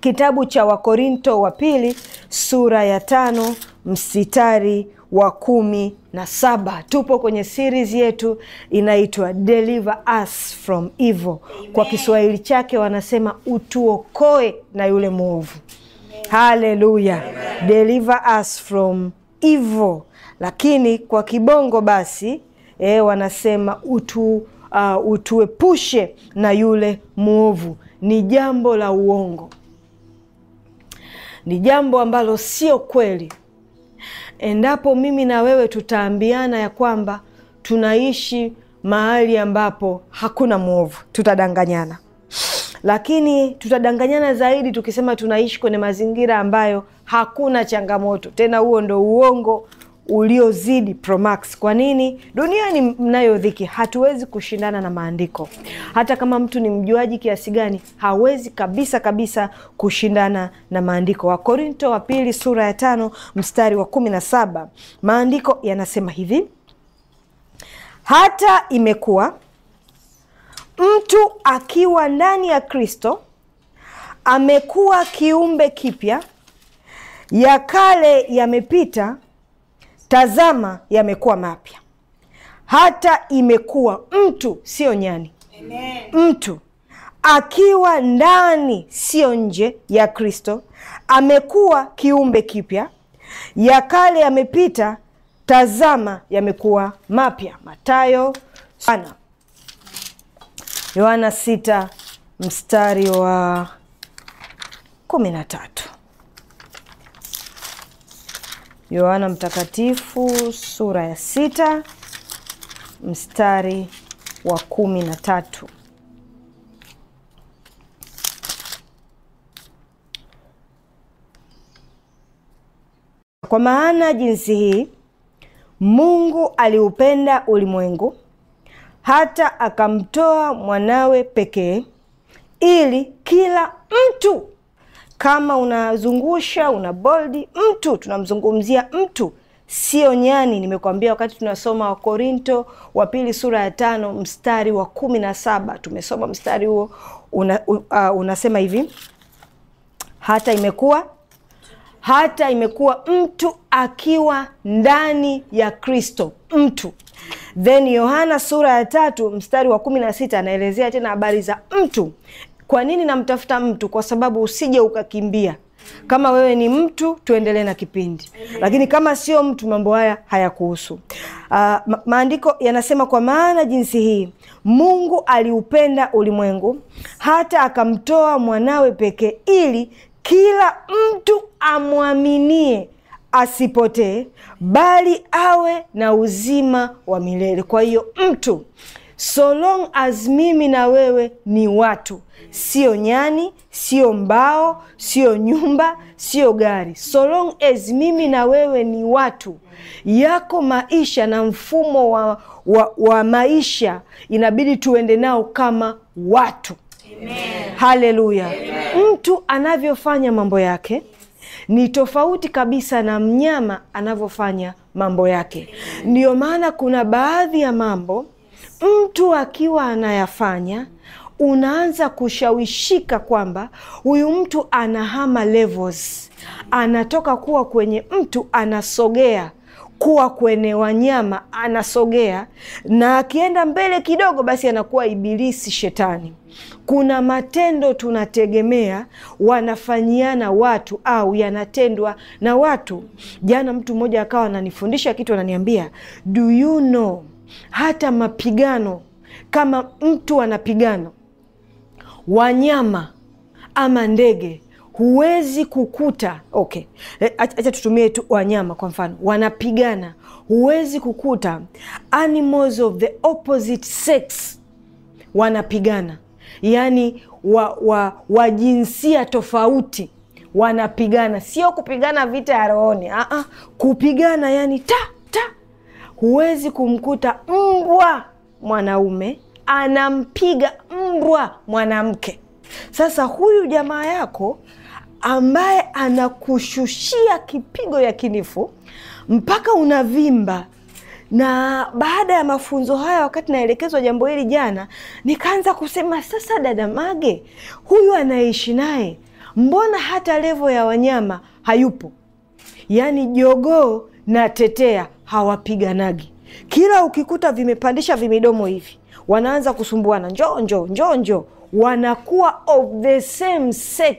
kitabu cha Wakorinto wa pili sura ya tano msitari wa kumi na saba. Tupo kwenye series yetu inaitwa Deliver Us From Evil. Kwa Kiswahili chake wanasema utuokoe na yule mwovu. Haleluya, Deliver Us From Evil, lakini kwa kibongo basi e, wanasema utu uh, utuepushe na yule mwovu. Ni jambo la uongo ni jambo ambalo sio kweli. Endapo mimi na wewe tutaambiana ya kwamba tunaishi mahali ambapo hakuna mwovu, tutadanganyana. Lakini tutadanganyana zaidi tukisema tunaishi kwenye mazingira ambayo hakuna changamoto. Tena huo ndo uongo uliozidi promax Kwa nini? Dunia ni mnayodhiki, hatuwezi kushindana na maandiko. Hata kama mtu ni mjuaji kiasi gani, hawezi kabisa kabisa kushindana na maandiko. Wakorinto wa pili sura ya tano mstari wa kumi na saba maandiko yanasema hivi, hata imekuwa mtu akiwa ndani ya Kristo amekuwa kiumbe kipya, ya kale yamepita tazama yamekuwa mapya. Hata imekuwa mtu sio nyani. Amen. Mtu akiwa ndani sio nje ya Kristo amekuwa kiumbe kipya, ya kale yamepita, tazama yamekuwa mapya. Matayo sana. Yohana 6 mstari wa kumi na tatu. Yohana Mtakatifu sura ya sita mstari wa kumi na tatu. Kwa maana jinsi hii Mungu aliupenda ulimwengu hata akamtoa mwanawe pekee, ili kila mtu kama unazungusha una boldi, mtu tunamzungumzia mtu, sio nyani. Nimekwambia wakati tunasoma Wakorinto wa pili sura ya tano mstari wa kumi na saba tumesoma mstari huo una, uh, unasema hivi hata imekuwa hata imekuwa mtu akiwa ndani ya Kristo mtu. Then Yohana sura ya tatu mstari wa kumi na sita anaelezea tena habari za mtu, kwa nini namtafuta mtu? Kwa sababu usije ukakimbia. Kama wewe ni mtu, tuendelee na kipindi, lakini kama sio mtu, mambo haya hayakuhusu. Uh, maandiko yanasema kwa maana jinsi hii Mungu aliupenda ulimwengu hata akamtoa mwanawe pekee, ili kila mtu amwaminie asipotee, bali awe na uzima wa milele. Kwa hiyo mtu so long as mimi na wewe ni watu, sio nyani, sio mbao, sio nyumba, sio gari. So long as mimi na wewe ni watu, yako maisha na mfumo wa, wa, wa maisha inabidi tuende nao kama watu. Haleluya! Mtu anavyofanya mambo yake ni tofauti kabisa na mnyama anavyofanya mambo yake. Ndiyo maana kuna baadhi ya mambo mtu akiwa anayafanya unaanza kushawishika kwamba huyu mtu anahama levels, anatoka kuwa kwenye mtu anasogea kuwa kwenye wanyama, anasogea na akienda mbele kidogo, basi anakuwa ibilisi, shetani. Kuna matendo tunategemea wanafanyiana watu au yanatendwa na watu. Jana mtu mmoja akawa ananifundisha kitu, ananiambia do you know hata mapigano, kama mtu anapigana wanyama ama ndege, huwezi kukuta okay, eh, acha tutumie tu wanyama kwa mfano, wanapigana, huwezi kukuta animals of the opposite sex wanapigana, yaani wa, wa, wa jinsia tofauti wanapigana, sio kupigana vita ya rohoni, ah, ah, kupigana yani ta huwezi kumkuta mbwa mwanaume anampiga mbwa mwanamke. Sasa huyu jamaa yako ambaye anakushushia kipigo ya kinifu mpaka unavimba na baada ya mafunzo haya, wakati naelekezwa jambo hili jana, nikaanza kusema sasa, dada Mage huyu anaishi naye, mbona hata levo ya wanyama hayupo? Yaani jogoo na tetea hawapiganagi. Kila ukikuta vimepandisha vimidomo hivi, wanaanza kusumbuana, njoo njoo njoo njoo, wanakuwa of the same sex,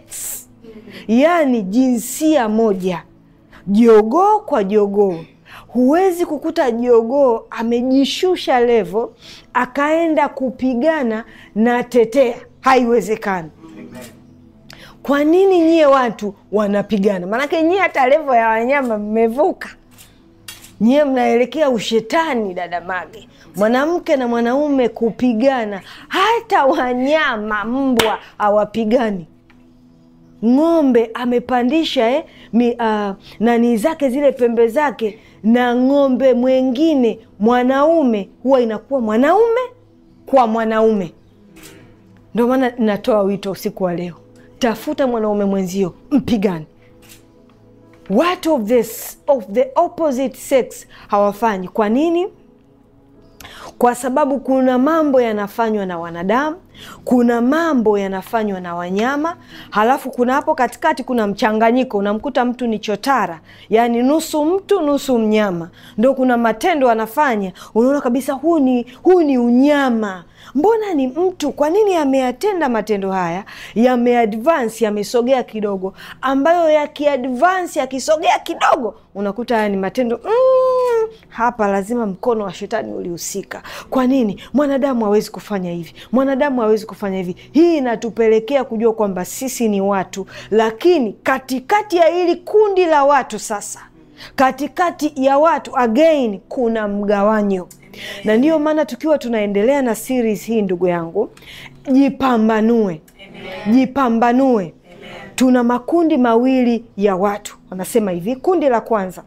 yani jinsia moja, jogoo kwa jogoo. Huwezi kukuta jogoo amejishusha levo akaenda kupigana na tetea, haiwezekani. Kwa nini nyie watu wanapigana? Maanake nyie hata levo ya wanyama mmevuka nyiwe mnaelekea ushetani, dada Mage. Mwanamke na mwanaume kupigana, hata wanyama, mbwa hawapigani ng'ombe amepandisha eh, mi, uh, nani zake zile pembe zake na ng'ombe mwengine mwanaume, huwa inakuwa mwanaume kwa mwanaume. Ndio maana natoa wito usiku wa leo, tafuta mwanaume mwenzio, mpigane watu of this, of the opposite sex hawafanyi. Kwa nini? Kwa sababu kuna mambo yanafanywa na wanadamu, kuna mambo yanafanywa na wanyama, halafu kuna hapo katikati kuna mchanganyiko, unamkuta mtu ni chotara, yaani nusu mtu nusu mnyama, ndo kuna matendo anafanya, unaona kabisa huu ni unyama mbona ni mtu, kwa nini ameyatenda matendo haya? Yameadvansi, yamesogea kidogo, ambayo yakiadvansi, yakisogea kidogo, unakuta haya ni matendo mm, hapa lazima mkono wa shetani ulihusika. Kwa nini mwanadamu hawezi kufanya hivi? Mwanadamu hawezi kufanya hivi. Hii inatupelekea kujua kwamba sisi ni watu, lakini katikati ya hili kundi la watu sasa, katikati ya watu again, kuna mgawanyo na ndiyo maana tukiwa tunaendelea na series hii, ndugu yangu, jipambanue, jipambanue. Tuna makundi mawili ya watu, wanasema hivi. Kundi la kwanza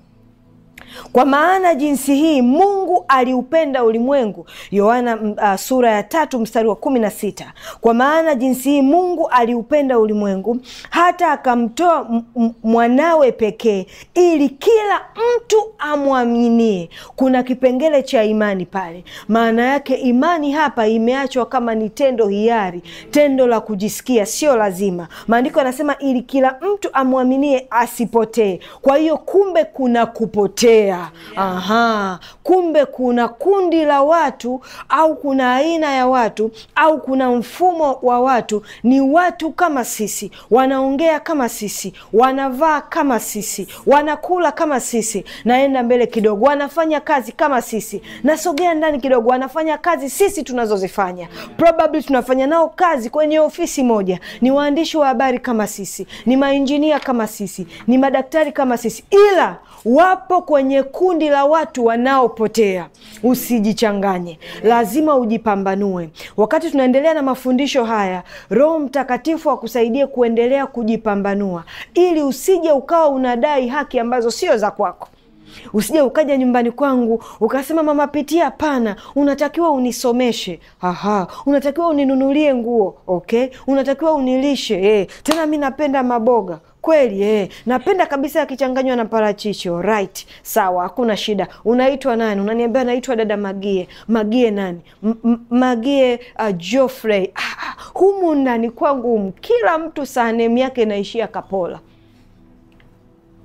kwa maana jinsi hii Mungu aliupenda ulimwengu, Yohana uh, sura ya tatu mstari wa kumi na sita. Kwa maana jinsi hii Mungu aliupenda ulimwengu hata akamtoa mwanawe pekee, ili kila mtu amwaminie. Kuna kipengele cha imani pale. Maana yake imani hapa imeachwa kama ni tendo hiari, tendo la kujisikia, sio lazima. Maandiko yanasema ili kila mtu amwaminie asipotee. Kwa hiyo kumbe kuna kupotea kuongea yeah. Aha, kumbe kuna kundi la watu au kuna aina ya watu au kuna mfumo wa watu, ni watu kama sisi, wanaongea kama sisi, wanavaa kama sisi, wanakula kama sisi. Naenda mbele kidogo, wanafanya kazi kama sisi. Nasogea ndani kidogo, wanafanya kazi sisi tunazozifanya, probably tunafanya nao kazi kwenye ofisi moja, ni waandishi wa habari kama sisi, ni mainjinia kama sisi, ni madaktari kama sisi, ila wapo kwenye kundi la watu wanaopotea. Usijichanganye, lazima ujipambanue. Wakati tunaendelea na mafundisho haya, Roho Mtakatifu akusaidie kuendelea kujipambanua, ili usije ukawa unadai haki ambazo sio za kwako. Usije ukaja nyumbani kwangu ukasema mama pitia. Hapana, unatakiwa unisomeshe. Aha, unatakiwa uninunulie nguo. Okay, unatakiwa unilishe. Eh, tena mi napenda maboga kweli eh. Napenda kabisa akichanganywa na parachichi. right sawa, hakuna shida. Unaitwa nani? Unaniambia naitwa dada Magie. Magie nani? M Magie uh, Geoffrey. Ah, ah humu ndani kwangu kila mtu surname yake inaishia Kapola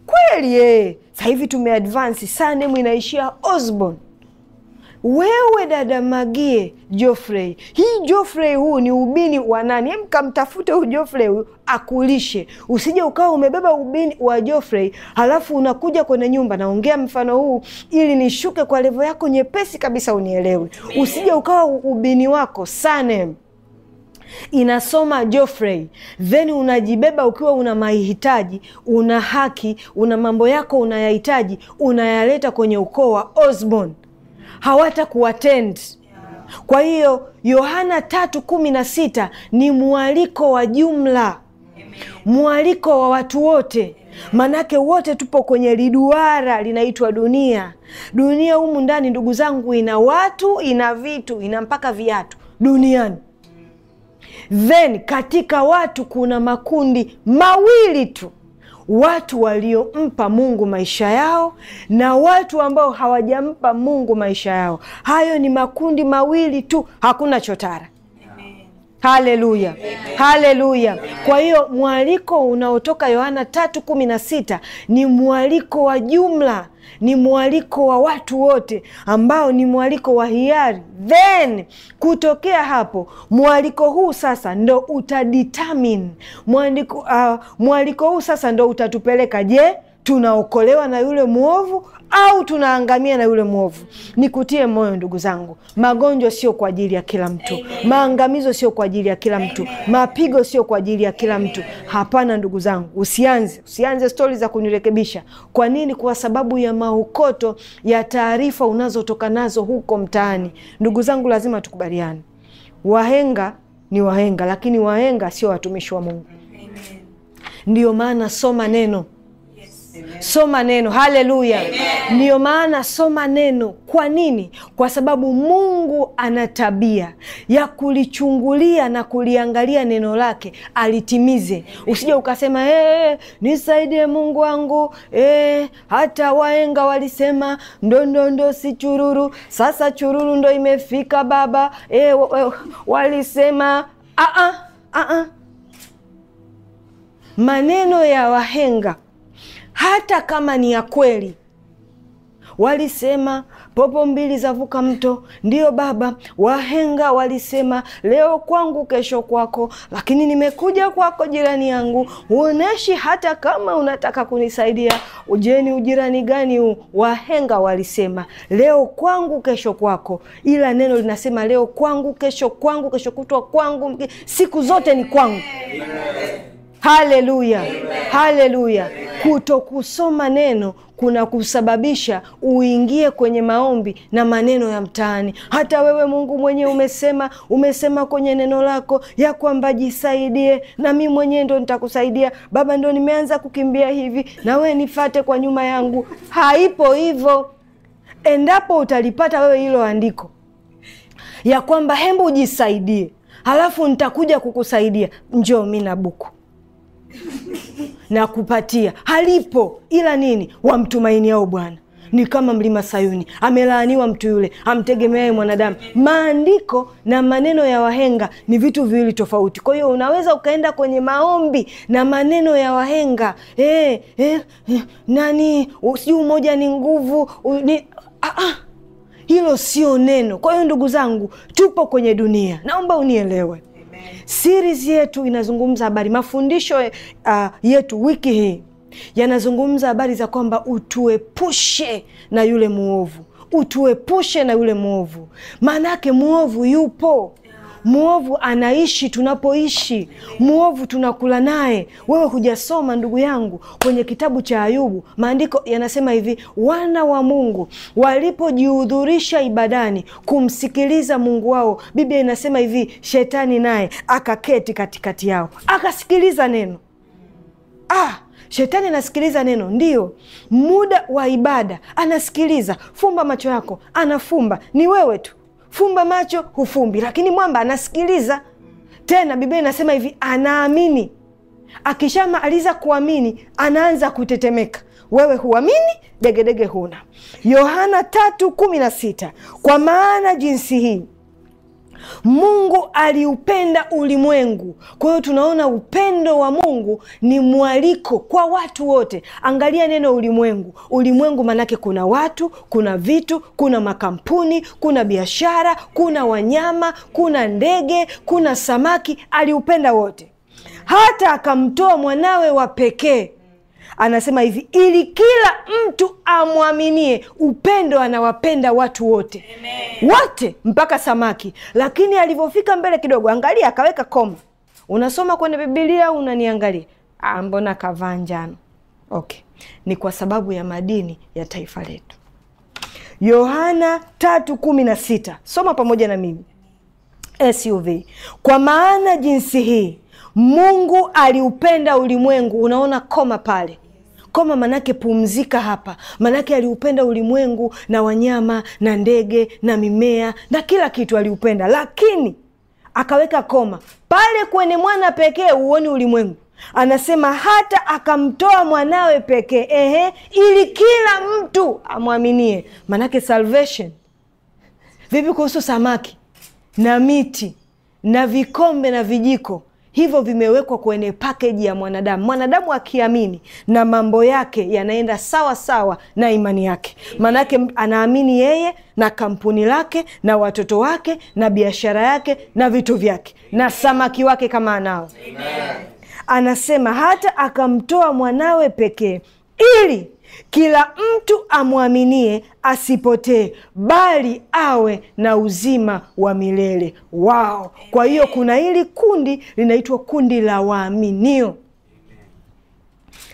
kweli eh. sahivi tumeadvansi, sanem inaishia Osborne. Wewe dada Magie Joffrey, hii Joffrey huu ni ubini wa nani? Hem, kamtafute huu Joffrey huyu akulishe, usije ukawa umebeba ubini wa Joffrey halafu unakuja kwenye nyumba. Naongea mfano huu ili nishuke kwa levo yako nyepesi kabisa unielewe. Usije ukawa ubini wako sane inasoma Joffrey then unajibeba ukiwa una mahitaji, una haki, una mambo yako unayahitaji, unayaleta kwenye ukoo wa Osborne hawata kuatend kwa hiyo Yohana tatu kumi na sita ni mwaliko wa jumla, mwaliko wa watu wote, manake wote tupo kwenye liduara linaitwa dunia. Dunia humu ndani, ndugu zangu, ina watu, ina vitu, ina mpaka viatu duniani. Mm. Then katika watu kuna makundi mawili tu watu waliompa Mungu maisha yao na watu ambao hawajampa Mungu maisha yao. Hayo ni makundi mawili tu, hakuna chotara haleluya haleluya kwa hiyo mwaliko unaotoka yohana tatu kumi na sita ni mwaliko wa jumla ni mwaliko wa watu wote ambao ni mwaliko wa hiari then kutokea hapo mwaliko huu sasa ndo utadetermine mwaliko, uh, mwaliko huu sasa ndo utatupeleka je tunaokolewa na yule mwovu au tunaangamia na yule mwovu. Nikutie moyo ndugu zangu, magonjwa sio kwa ajili ya kila mtu, maangamizo sio kwa ajili ya kila mtu, mapigo sio kwa ajili ya kila mtu. Hapana ndugu zangu, usianze usianze stori za kunirekebisha. Kwa nini? Kwa sababu ya maukoto ya taarifa unazotoka nazo huko mtaani. Ndugu zangu, lazima tukubaliane, wahenga ni wahenga, lakini wahenga sio watumishi wa Mungu. Ndiyo maana soma neno Soma neno, haleluya! Ndiyo maana soma neno. Kwa nini? Kwa sababu Mungu ana tabia ya kulichungulia na kuliangalia neno lake alitimize. Usije ukasema hey, eh, nisaidie Mungu wangu hey, eh, hata waenga walisema ndondondo si chururu, sasa chururu ndo imefika Baba hey, eh, walisema a ah, -a, ah, a ah, -a. Maneno ya wahenga hata kama ni ya kweli. Walisema popo mbili zavuka mto, ndiyo baba. Wahenga walisema leo kwangu, kesho kwako, lakini nimekuja kwako, jirani yangu. Uoneshi hata kama unataka kunisaidia. Ujeni ujirani gani huu? Wahenga walisema leo kwangu, kesho kwako, ila neno linasema leo kwangu, kesho kwangu, kesho kutwa kwangu, siku zote ni kwangu. Amen. Haleluya, haleluya. Kutokusoma neno kuna kusababisha uingie kwenye maombi na maneno ya mtaani. Hata wewe Mungu mwenyewe umesema, umesema kwenye neno lako ya kwamba jisaidie, na mi mwenyewe ndo nitakusaidia. Baba, ndo nimeanza kukimbia hivi, na wewe nifate kwa nyuma yangu. Haipo hivyo. Endapo utalipata wewe hilo andiko ya kwamba hembu ujisaidie, halafu nitakuja kukusaidia, njoo mi na buku na kupatia halipo ila nini, wamtumainiao Bwana. Ni kama mlima Sayuni, amelaaniwa mtu yule amtegemeaye mwanadamu. Maandiko na maneno ya wahenga ni vitu viwili tofauti. Kwa hiyo unaweza ukaenda kwenye maombi na maneno ya wahenga eh, eh, eh nani si umoja ni nguvu ni, ah, ah. Hilo sio neno. Kwa hiyo ndugu zangu, tupo kwenye dunia, naomba unielewe. Series yetu inazungumza habari, mafundisho uh, yetu wiki hii yanazungumza habari za kwamba utuepushe na yule mwovu, utuepushe na yule mwovu. Maana yake mwovu yupo Mwovu anaishi tunapoishi, mwovu tunakula naye. Wewe hujasoma ndugu yangu, kwenye kitabu cha Ayubu maandiko yanasema hivi, wana wa Mungu walipojihudhurisha ibadani kumsikiliza Mungu wao, Biblia inasema hivi, shetani naye akaketi katikati yao, akasikiliza neno. Ah, Shetani anasikiliza neno, ndio Muda wa ibada anasikiliza. Fumba macho yako, anafumba. Ni wewe tu fumba macho hufumbi, lakini mwamba anasikiliza. Tena Biblia inasema hivi, anaamini. Akishamaliza kuamini, anaanza kutetemeka. Wewe huamini, degedege huna. Yohana tatu kumi na sita. Kwa maana jinsi hii Mungu aliupenda ulimwengu. Kwa hiyo tunaona upendo wa Mungu ni mwaliko kwa watu wote. Angalia neno ulimwengu. Ulimwengu maanake kuna watu, kuna vitu, kuna makampuni, kuna biashara, kuna wanyama, kuna ndege, kuna samaki. Aliupenda wote, hata akamtoa mwanawe wa pekee anasema hivi, ili kila mtu amwaminie. Upendo anawapenda watu wote, Amen. wote mpaka samaki. Lakini alivyofika mbele kidogo, angalia, akaweka koma. Unasoma kwenye Bibilia unaniangalia? Ah, mbona kavaa njano? Okay, ni kwa sababu ya madini ya taifa letu. Yohana tatu kumi na sita soma pamoja na mimi suv kwa maana jinsi hii Mungu aliupenda ulimwengu. Unaona koma pale, Koma manake pumzika hapa, manake aliupenda ulimwengu na wanyama na ndege na mimea na kila kitu aliupenda, lakini akaweka koma pale kwenye mwana pekee, uoni ulimwengu anasema hata akamtoa mwanawe pekee, ehe, ili kila mtu amwaminie. Manake salvation. Vipi kuhusu samaki na miti na vikombe na vijiko? hivyo vimewekwa kwenye pakeji ya mwanadamu. Mwanadamu akiamini na mambo yake yanaenda sawa sawa na imani yake, maanake anaamini yeye na kampuni lake na watoto wake na biashara yake na vitu vyake na samaki wake kama anao. Amen. Anasema hata akamtoa mwanawe pekee ili kila mtu amwaminie asipotee, bali awe na uzima wa milele wao. Kwa hiyo kuna hili kundi linaitwa kundi la waaminio.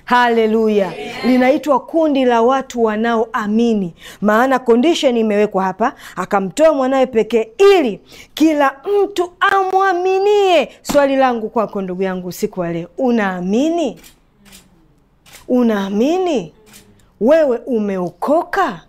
Haleluya, linaitwa kundi la watu wanaoamini. Maana kondishen imewekwa hapa, akamtoa mwanawe pekee ili kila mtu amwaminie. Swali langu kwako ndugu yangu usiku wa leo, unaamini? Unaamini? wewe umeokoka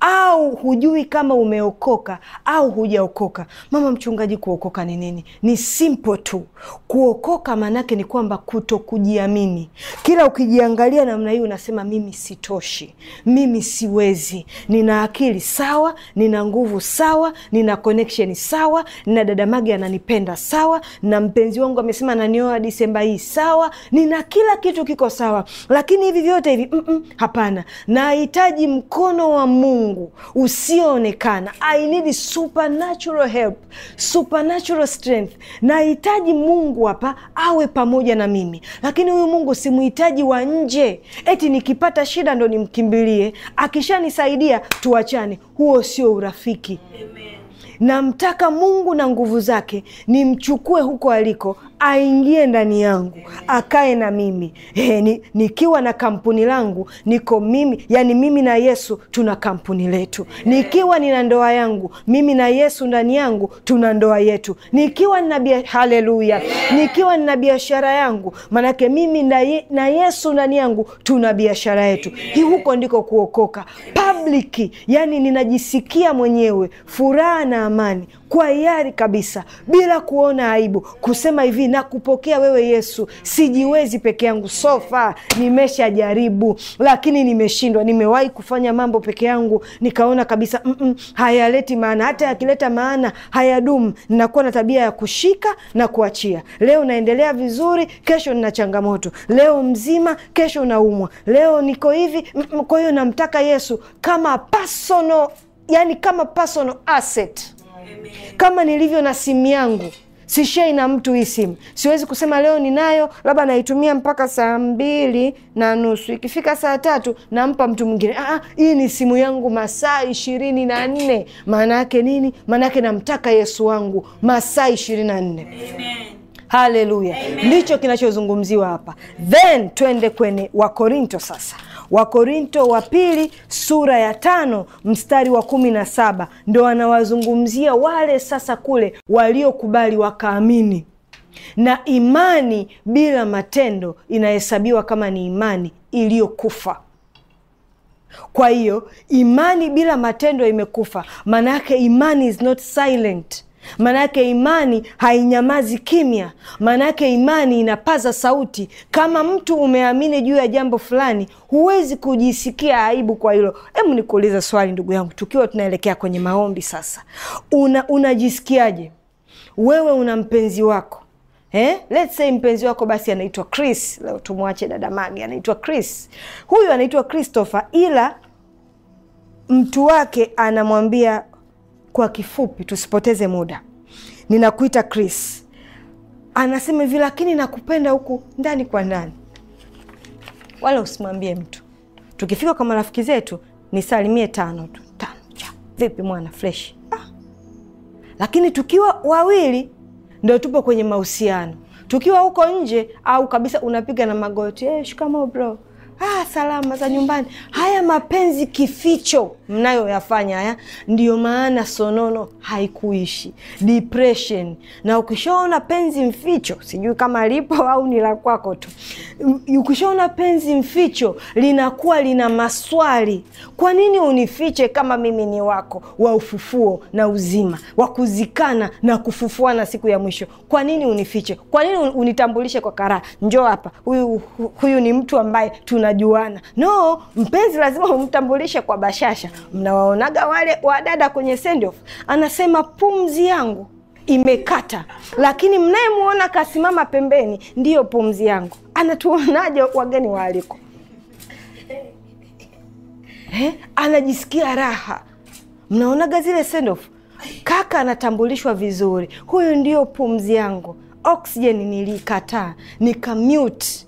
au hujui kama umeokoka au hujaokoka. Mama mchungaji, kuokoka ni nini? Ni simple tu Kuokoka maanake ni kwamba kuto kujiamini. Kila ukijiangalia namna hii, unasema mimi sitoshi, mimi siwezi. Nina akili sawa, nina nguvu sawa, nina connection sawa, nina dada Magi ananipenda sawa, na mpenzi wangu amesema ananioa Disemba hii sawa, nina kila kitu kiko sawa, lakini hivi vyote hivi mm -mm, hapana. Nahitaji mkono wa Mungu usioonekana. I need supernatural help, supernatural strength. Nahitaji Mungu Mungu hapa awe pamoja na mimi, lakini huyu Mungu mhitaji wa nje, eti nikipata shida ndo nimkimbilie, akishanisaidia tuachane. Huo sio urafiki. Amen. Namtaka Mungu na nguvu zake, nimchukue huko aliko aingie ndani yangu akae na mimi he, eh, ni, nikiwa na kampuni langu niko mimi, yani mimi na Yesu tuna kampuni letu. Nikiwa nina ndoa yangu, mimi na Yesu ndani yangu tuna ndoa yetu. Nikiwa nina haleluya, nikiwa nina biashara yangu, manake mimi na Yesu ndani yangu tuna biashara yetu. Huko ndiko kuokoka pa tabliki, yani ninajisikia mwenyewe furaha na amani kwa hiari kabisa, bila kuona aibu, kusema hivi na kupokea wewe Yesu, sijiwezi peke yangu. Sofa nimeshajaribu lakini nimeshindwa. Nimewahi kufanya mambo peke yangu nikaona kabisa mm -mm, hayaleti maana. Hata yakileta maana hayadumu. Ninakuwa na tabia ya kushika na kuachia. Leo naendelea vizuri, kesho nina changamoto. Leo mzima, kesho naumwa. Leo niko hivi mm -mm, kwa hiyo namtaka Yesu kama personal, yani kama personal asset. Kama nilivyo na simu yangu sishei na mtu hii simu, siwezi kusema leo ninayo, labda naitumia mpaka saa mbili na nusu, ikifika saa tatu nampa mtu mwingine. Ah, ah hii ni simu yangu masaa ishirini na nne. Maana yake nini? Maana yake namtaka Yesu wangu masaa ishirini na nne. Haleluya, ndicho kinachozungumziwa hapa. Then twende kwenye Wakorinto sasa. Wakorinto wa pili sura ya tano mstari wa kumi na saba ndo anawazungumzia wale sasa kule waliokubali wakaamini na imani bila matendo inahesabiwa kama ni imani iliyokufa. Kwa hiyo imani bila matendo imekufa, maana yake imani is not silent yake imani hainyamazi kimya, yake imani inapaza sauti. Kama mtu umeamini juu ya jambo fulani, huwezi kujisikia aibu kwa hilo. Hebu nikuuliza swali, ndugu yangu, tukiwa tunaelekea kwenye maombi sasa, una unajisikiaje wewe? Una mpenzi wako eh? Let's say mpenzi wako basi anaitwa Chris, leo tumwache dada Magi, anaitwa Chris. Huyu anaitwa Christopher, ila mtu wake anamwambia kwa kifupi, tusipoteze muda, ninakuita Chris. Anasema hivi, lakini nakupenda huku ndani kwa ndani, wala usimwambie mtu. Tukifika kwa marafiki zetu nisalimie tano tu, tano cha vipi mwana fresh ah. Lakini tukiwa wawili ndio tupo kwenye mahusiano. Tukiwa huko nje au kabisa unapiga na magoti eh, shikamoo bro Ah, salama za nyumbani. Haya mapenzi kificho mnayoyafanya haya, ndiyo maana sonono haikuishi depression. Na ukishaona penzi mficho, sijui kama lipo au ni la kwako tu, ukishaona penzi mficho linakuwa lina maswali. Kwa nini unifiche kama mimi ni wako wa ufufuo na uzima, wa kuzikana na kufufuana siku ya mwisho? Kwa nini unifiche? Kwa nini unitambulishe kwa karaha? Njoo hapa, huyu huyu ni mtu ambaye tunajuana. No, mpenzi lazima umtambulishe kwa bashasha. Mnawaonaga wale wadada kwenye send off, anasema pumzi yangu imekata, lakini mnayemwona kasimama pembeni ndiyo pumzi yangu anatuonaje wageni waaliko eh? Anajisikia raha. Mnaonaga zile sendof kaka anatambulishwa vizuri, huyu ndio pumzi yangu, oksijeni nilikataa nikamute.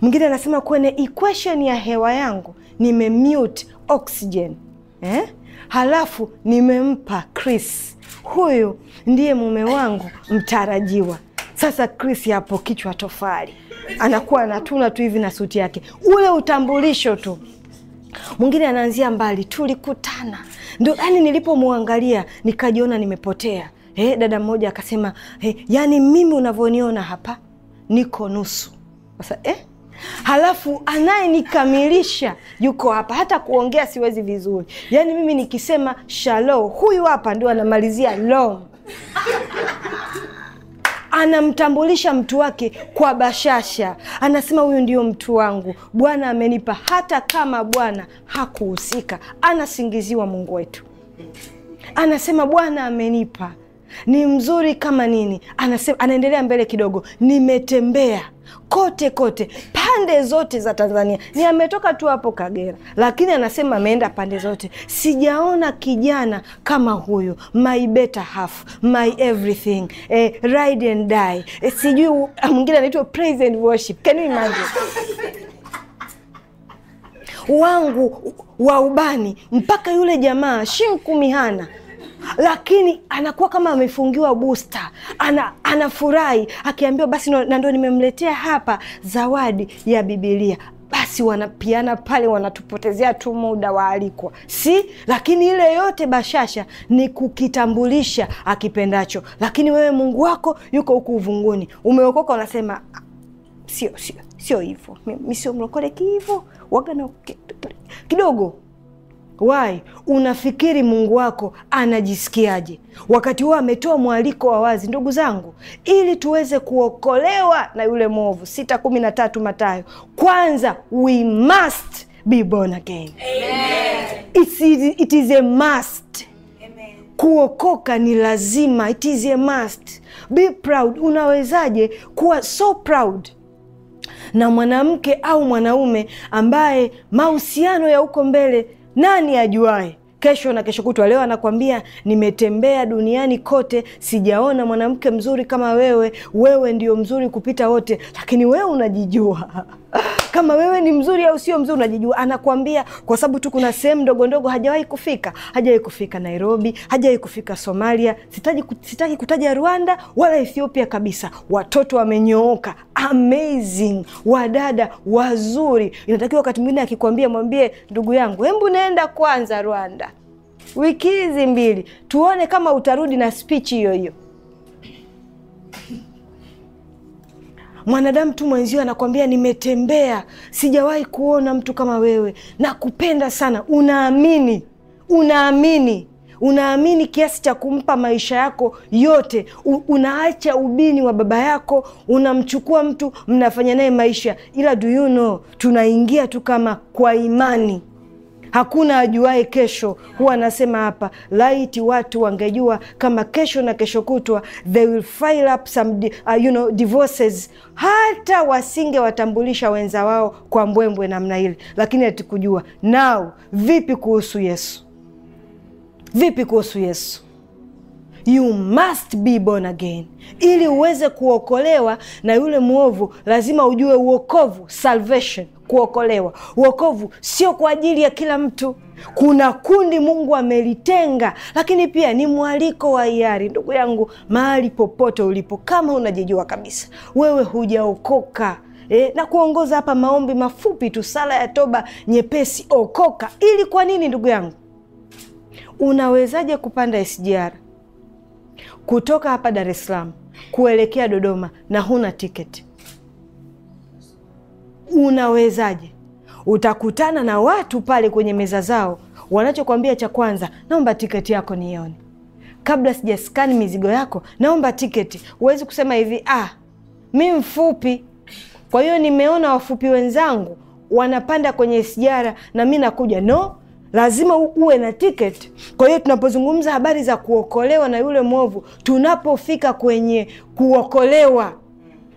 Mwingine anasema kwenye equation ya hewa yangu nimemute oksijeni eh? Halafu nimempa Chris, huyu ndiye mume wangu mtarajiwa. Sasa Chris hapo kichwa tofali anakuwa anatuna tu hivi na suti yake, ule utambulisho tu. Mwingine anaanzia mbali, tulikutana ndo yani nilipomwangalia nikajiona nimepotea. He, eh, dada mmoja akasema he, eh, yani mimi unavyoniona hapa niko nusu sasa eh? Halafu anayenikamilisha yuko hapa, hata kuongea siwezi vizuri. Yani mimi nikisema shalo, huyu hapa ndio anamalizia long anamtambulisha mtu wake kwa bashasha, anasema huyu ndio mtu wangu, Bwana amenipa, hata kama Bwana hakuhusika. Anasingiziwa Mungu wetu, anasema Bwana amenipa ni mzuri kama nini. Anasema, anaendelea mbele kidogo, nimetembea kote kote pande zote za Tanzania. Ni ametoka tu hapo Kagera, lakini anasema ameenda pande zote. Sijaona kijana kama huyu, my better half, my everything, eh, ride and die, eh, sijui ah, mwingine anaitwa praise and worship. Can you imagine? wangu wa ubani mpaka yule jamaa shinkumihana lakini anakuwa kama amefungiwa busta, ana anafurahi akiambiwa basi, na ndo nimemletea hapa zawadi ya Bibilia basi wanapiana pale, wanatupotezea tu muda waalikwa, si lakini ile yote bashasha ni kukitambulisha akipendacho. Lakini wewe Mungu wako yuko huku uvunguni, umeokoka, unasema sio, sio, sio hivyo, mi sio mlokole kihivo waga na kidogo Wai, unafikiri Mungu wako anajisikiaje wakati huo ametoa mwaliko wa wazi, ndugu zangu, ili tuweze kuokolewa na yule mwovu? sita kumi na tatu Mathayo. Kwanza, we must be born again. Amen. it is a must. Kuokoka ni lazima, it is a must. Be proud. Unawezaje kuwa so proud na mwanamke au mwanaume ambaye mahusiano ya huko mbele nani ajuae kesho na kesho kutwa? Leo anakwambia nimetembea duniani kote, sijaona mwanamke mzuri kama wewe. Wewe ndio mzuri kupita wote, lakini wewe unajijua kama wewe ni mzuri au sio mzuri, unajijua. Anakuambia kwa sababu tu kuna sehemu ndogo ndogo hajawahi kufika, hajawahi kufika Nairobi, hajawahi kufika Somalia, sitaji sitaki kutaja Rwanda wala Ethiopia kabisa. Watoto wamenyooka, amazing, wadada wazuri. Inatakiwa wakati mwingine akikwambia, mwambie ndugu yangu, hembu naenda kwanza Rwanda wiki hizi mbili, tuone kama utarudi na spichi hiyo hiyo. mwanadamu tu mwenzio anakwambia nimetembea, sijawahi kuona mtu kama wewe, nakupenda sana, unaamini unaamini unaamini kiasi cha kumpa maisha yako yote. U, unaacha ubini wa baba yako, unamchukua mtu, mnafanya naye maisha, ila do you know, tunaingia tu kama kwa imani hakuna ajuae kesho. Huwa anasema hapa, laiti watu wangejua kama kesho na kesho kutwa they will file up some uh, you know, divorces, hata wasingewatambulisha wenza wao kwa mbwembwe namna ile, lakini hatikujua Now vipi kuhusu Yesu? Vipi kuhusu Yesu? You must be born again. Ili uweze kuokolewa na yule mwovu, lazima ujue uokovu, salvation kuokolewa. Uokovu sio kwa ajili ya kila mtu. Kuna kundi Mungu amelitenga, lakini pia ni mwaliko wa hiari. Ndugu yangu, mahali popote ulipo, kama unajijua kabisa wewe hujaokoka E, na kuongoza hapa maombi mafupi tu, sala ya toba nyepesi, okoka. Ili kwa nini ndugu yangu? Unawezaje kupanda SGR kutoka hapa Dar es Salaam kuelekea Dodoma na huna tiketi? unawezaje? Utakutana na watu pale kwenye meza zao, wanachokwambia cha kwanza, naomba tiketi yako nione kabla sijaskani mizigo yako, naomba tiketi. Huwezi kusema hivi ah, mi mfupi, kwa hiyo nimeona wafupi wenzangu wanapanda kwenye sijara na mi nakuja. No, lazima uwe na tiketi. Kwa hiyo tunapozungumza habari za kuokolewa na yule mwovu, tunapofika kwenye kuokolewa,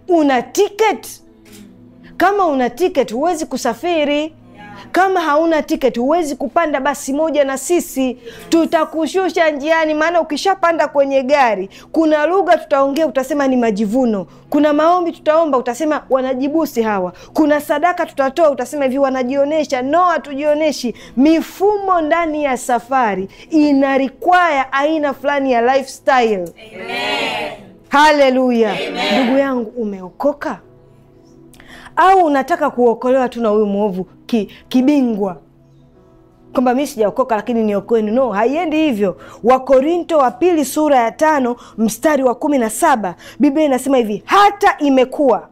una tiketi kama una tiketi huwezi kusafiri, kama hauna tiketi huwezi kupanda basi moja na sisi, tutakushusha njiani. Maana ukishapanda kwenye gari, kuna lugha tutaongea, utasema ni majivuno. Kuna maombi tutaomba, utasema wanajibusi hawa. Kuna sadaka tutatoa, utasema hivi wanajionesha. No, hatujioneshi. Mifumo ndani ya safari ina require aina fulani ya lifestyle. Amen. Haleluya! Ndugu yangu, umeokoka? au unataka kuokolewa tu na huyu mwovu ki, kibingwa kwamba mi sijaokoka lakini niokoeni? No, haiendi hivyo. Wakorinto wa pili sura ya tano mstari wa kumi na saba Biblia inasema hivi, hata imekuwa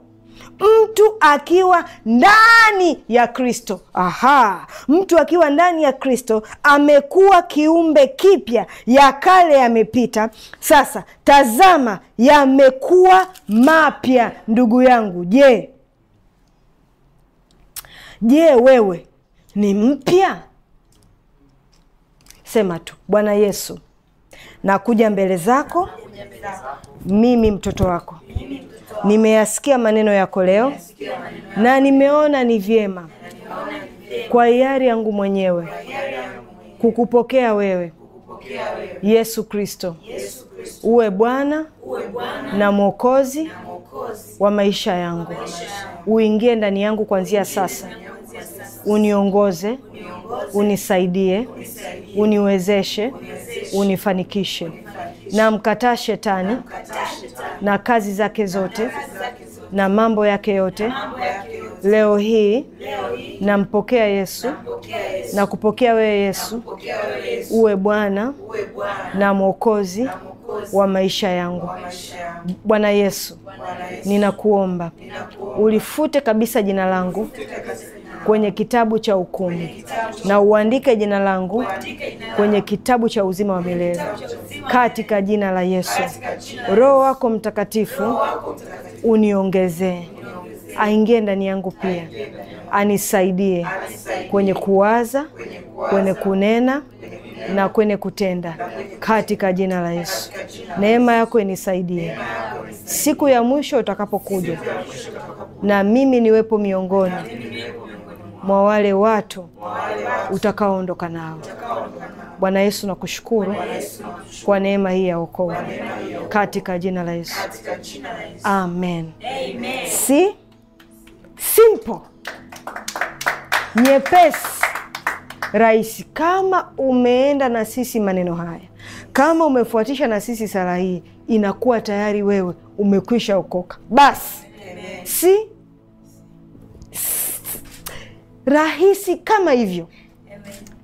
mtu akiwa ndani ya Kristo. Aha, mtu akiwa ndani ya Kristo amekuwa kiumbe kipya, ya kale yamepita, sasa tazama, yamekuwa mapya. Ndugu yangu, je, Je, wewe ni mpya? Sema tu, Bwana Yesu, nakuja mbele zako, mimi mtoto wako, nimeyasikia maneno yako leo na nimeona ni vyema kwa hiari yangu mwenyewe kukupokea wewe Yesu Kristo uwe Bwana na Mwokozi wa maisha yangu, uingie ndani yangu kuanzia sasa uniongoze, unisaidie, uniwezeshe, unifanikishe, na mkataa shetani na kazi zake zote na mambo yake yote leo hii nampokea Yesu na kupokea wewe Yesu uwe Bwana na Mwokozi wa maisha yangu. Bwana Yesu, ninakuomba ulifute kabisa jina langu kwenye kitabu cha hukumu na uandike jina langu kwenye kitabu cha uzima wa milele katika jina la Yesu. Roho wako Mtakatifu uniongezee, aingie ndani yangu pia anisaidie kwenye kuwaza, kwenye kunena na kwenye kutenda katika jina la Yesu. Neema yako inisaidie siku ya mwisho utakapokuja, na mimi niwepo miongoni mwa wale watu utakaoondoka nao. Bwana Yesu, nakushukuru kwa neema hii ya wokovu katika jina la Yesu, amen. Si simple, nyepesi, rahisi. Kama umeenda na sisi maneno haya, kama umefuatisha na sisi sala hii, inakuwa tayari wewe umekwisha okoka. Basi si rahisi kama hivyo.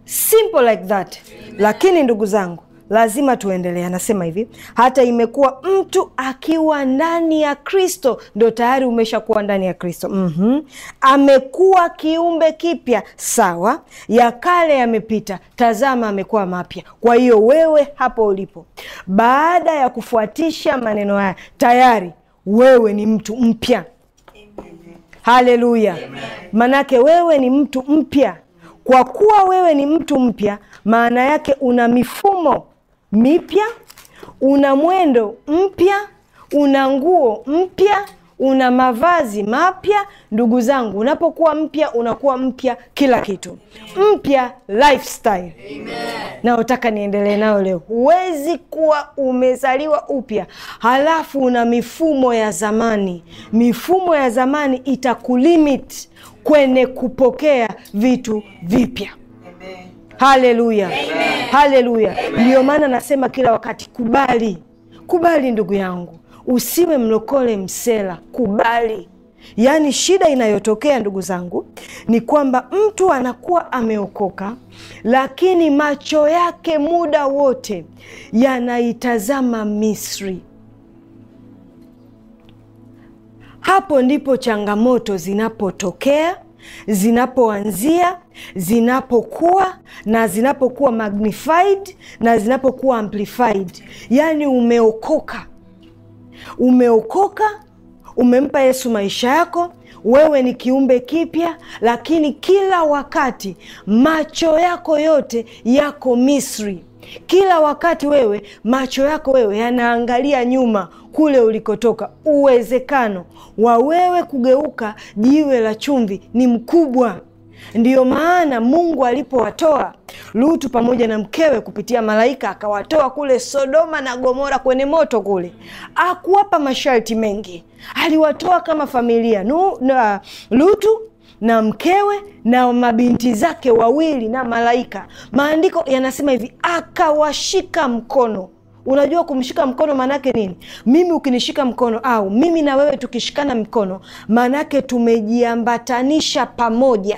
Simple like that. Amen. Lakini ndugu zangu lazima tuendelee. Anasema hivi, hata imekuwa mtu akiwa ndani ya Kristo, ndo tayari umeshakuwa ndani ya Kristo. mm -hmm. Amekuwa kiumbe kipya, sawa, ya kale yamepita, tazama amekuwa mapya. Kwa hiyo wewe hapo ulipo, baada ya kufuatisha maneno haya, tayari wewe ni mtu mpya haleluya manake wewe ni mtu mpya kwa kuwa wewe ni mtu mpya maana yake una mifumo mipya una mwendo mpya una nguo mpya una mavazi mapya. Ndugu zangu, unapokuwa mpya unakuwa mpya kila kitu, mpya lifestyle. naotaka Na niendelee nayo leo. Huwezi kuwa umezaliwa upya halafu una mifumo ya zamani. Mifumo ya zamani itakulimit kwenye kupokea vitu vipya. Haleluya, haleluya! Ndiyo maana nasema kila wakati kubali, kubali ndugu yangu usiwe mlokole msela, kubali. Yaani shida inayotokea ndugu zangu ni kwamba mtu anakuwa ameokoka, lakini macho yake muda wote yanaitazama Misri. Hapo ndipo changamoto zinapotokea, zinapoanzia, zinapokuwa na zinapokuwa magnified na zinapokuwa amplified. Yaani umeokoka umeokoka, umempa Yesu maisha yako, wewe ni kiumbe kipya, lakini kila wakati macho yako yote yako Misri. Kila wakati wewe macho yako wewe yanaangalia nyuma kule ulikotoka. Uwezekano wa wewe kugeuka jiwe la chumvi ni mkubwa. Ndiyo maana Mungu alipowatoa Lutu pamoja na mkewe kupitia malaika akawatoa kule Sodoma na Gomora kwenye moto kule, akuwapa masharti mengi, aliwatoa kama familia nu, na Lutu na mkewe na mabinti zake wawili na malaika. Maandiko yanasema hivi, akawashika mkono. Unajua kumshika mkono maanaake nini? Mimi ukinishika mkono au mimi na wewe tukishikana mkono, maanaake tumejiambatanisha pamoja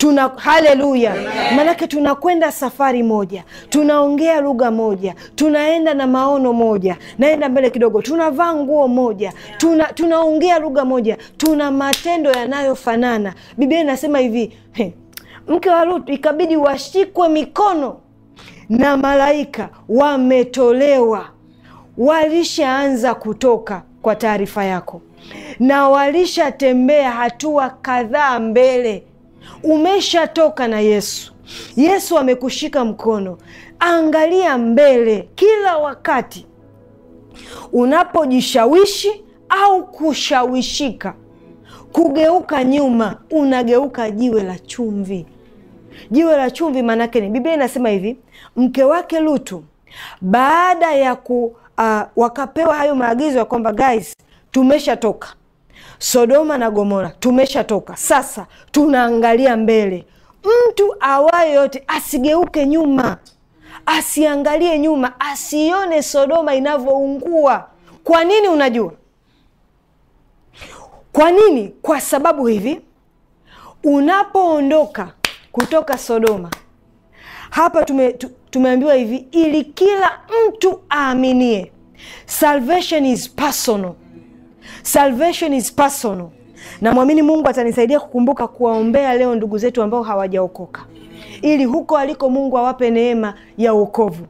tuna haleluya, maanake tunakwenda safari moja, tunaongea lugha moja, tunaenda na maono moja. Naenda mbele kidogo, tunavaa nguo moja, tuna tunaongea lugha moja, tuna matendo yanayofanana. Biblia inasema hivi mke wa Lutu ikabidi washikwe mikono na malaika, wametolewa walishaanza kutoka, kwa taarifa yako, na walishatembea hatua kadhaa mbele Umeshatoka na Yesu. Yesu amekushika mkono. Angalia mbele kila wakati unapojishawishi au kushawishika kugeuka nyuma, unageuka jiwe la chumvi. Jiwe la chumvi maanake ni, Biblia inasema hivi, mke wake Lutu baada ya ku uh, wakapewa hayo maagizo ya kwamba guys, tumeshatoka Sodoma na Gomora tumeshatoka, sasa tunaangalia mbele. Mtu awaye yote asigeuke nyuma, asiangalie nyuma, asione Sodoma inavyoungua. Kwa nini? Unajua kwa nini? Kwa sababu hivi, unapoondoka kutoka Sodoma hapa tume, tumeambiwa hivi, ili kila mtu aaminie, salvation is personal Salvation is personal. mwamini Mungu atanisaidia kukumbuka kuwaombea leo ndugu zetu ambao hawajaokoka, ili huko aliko Mungu awape neema ya uokovu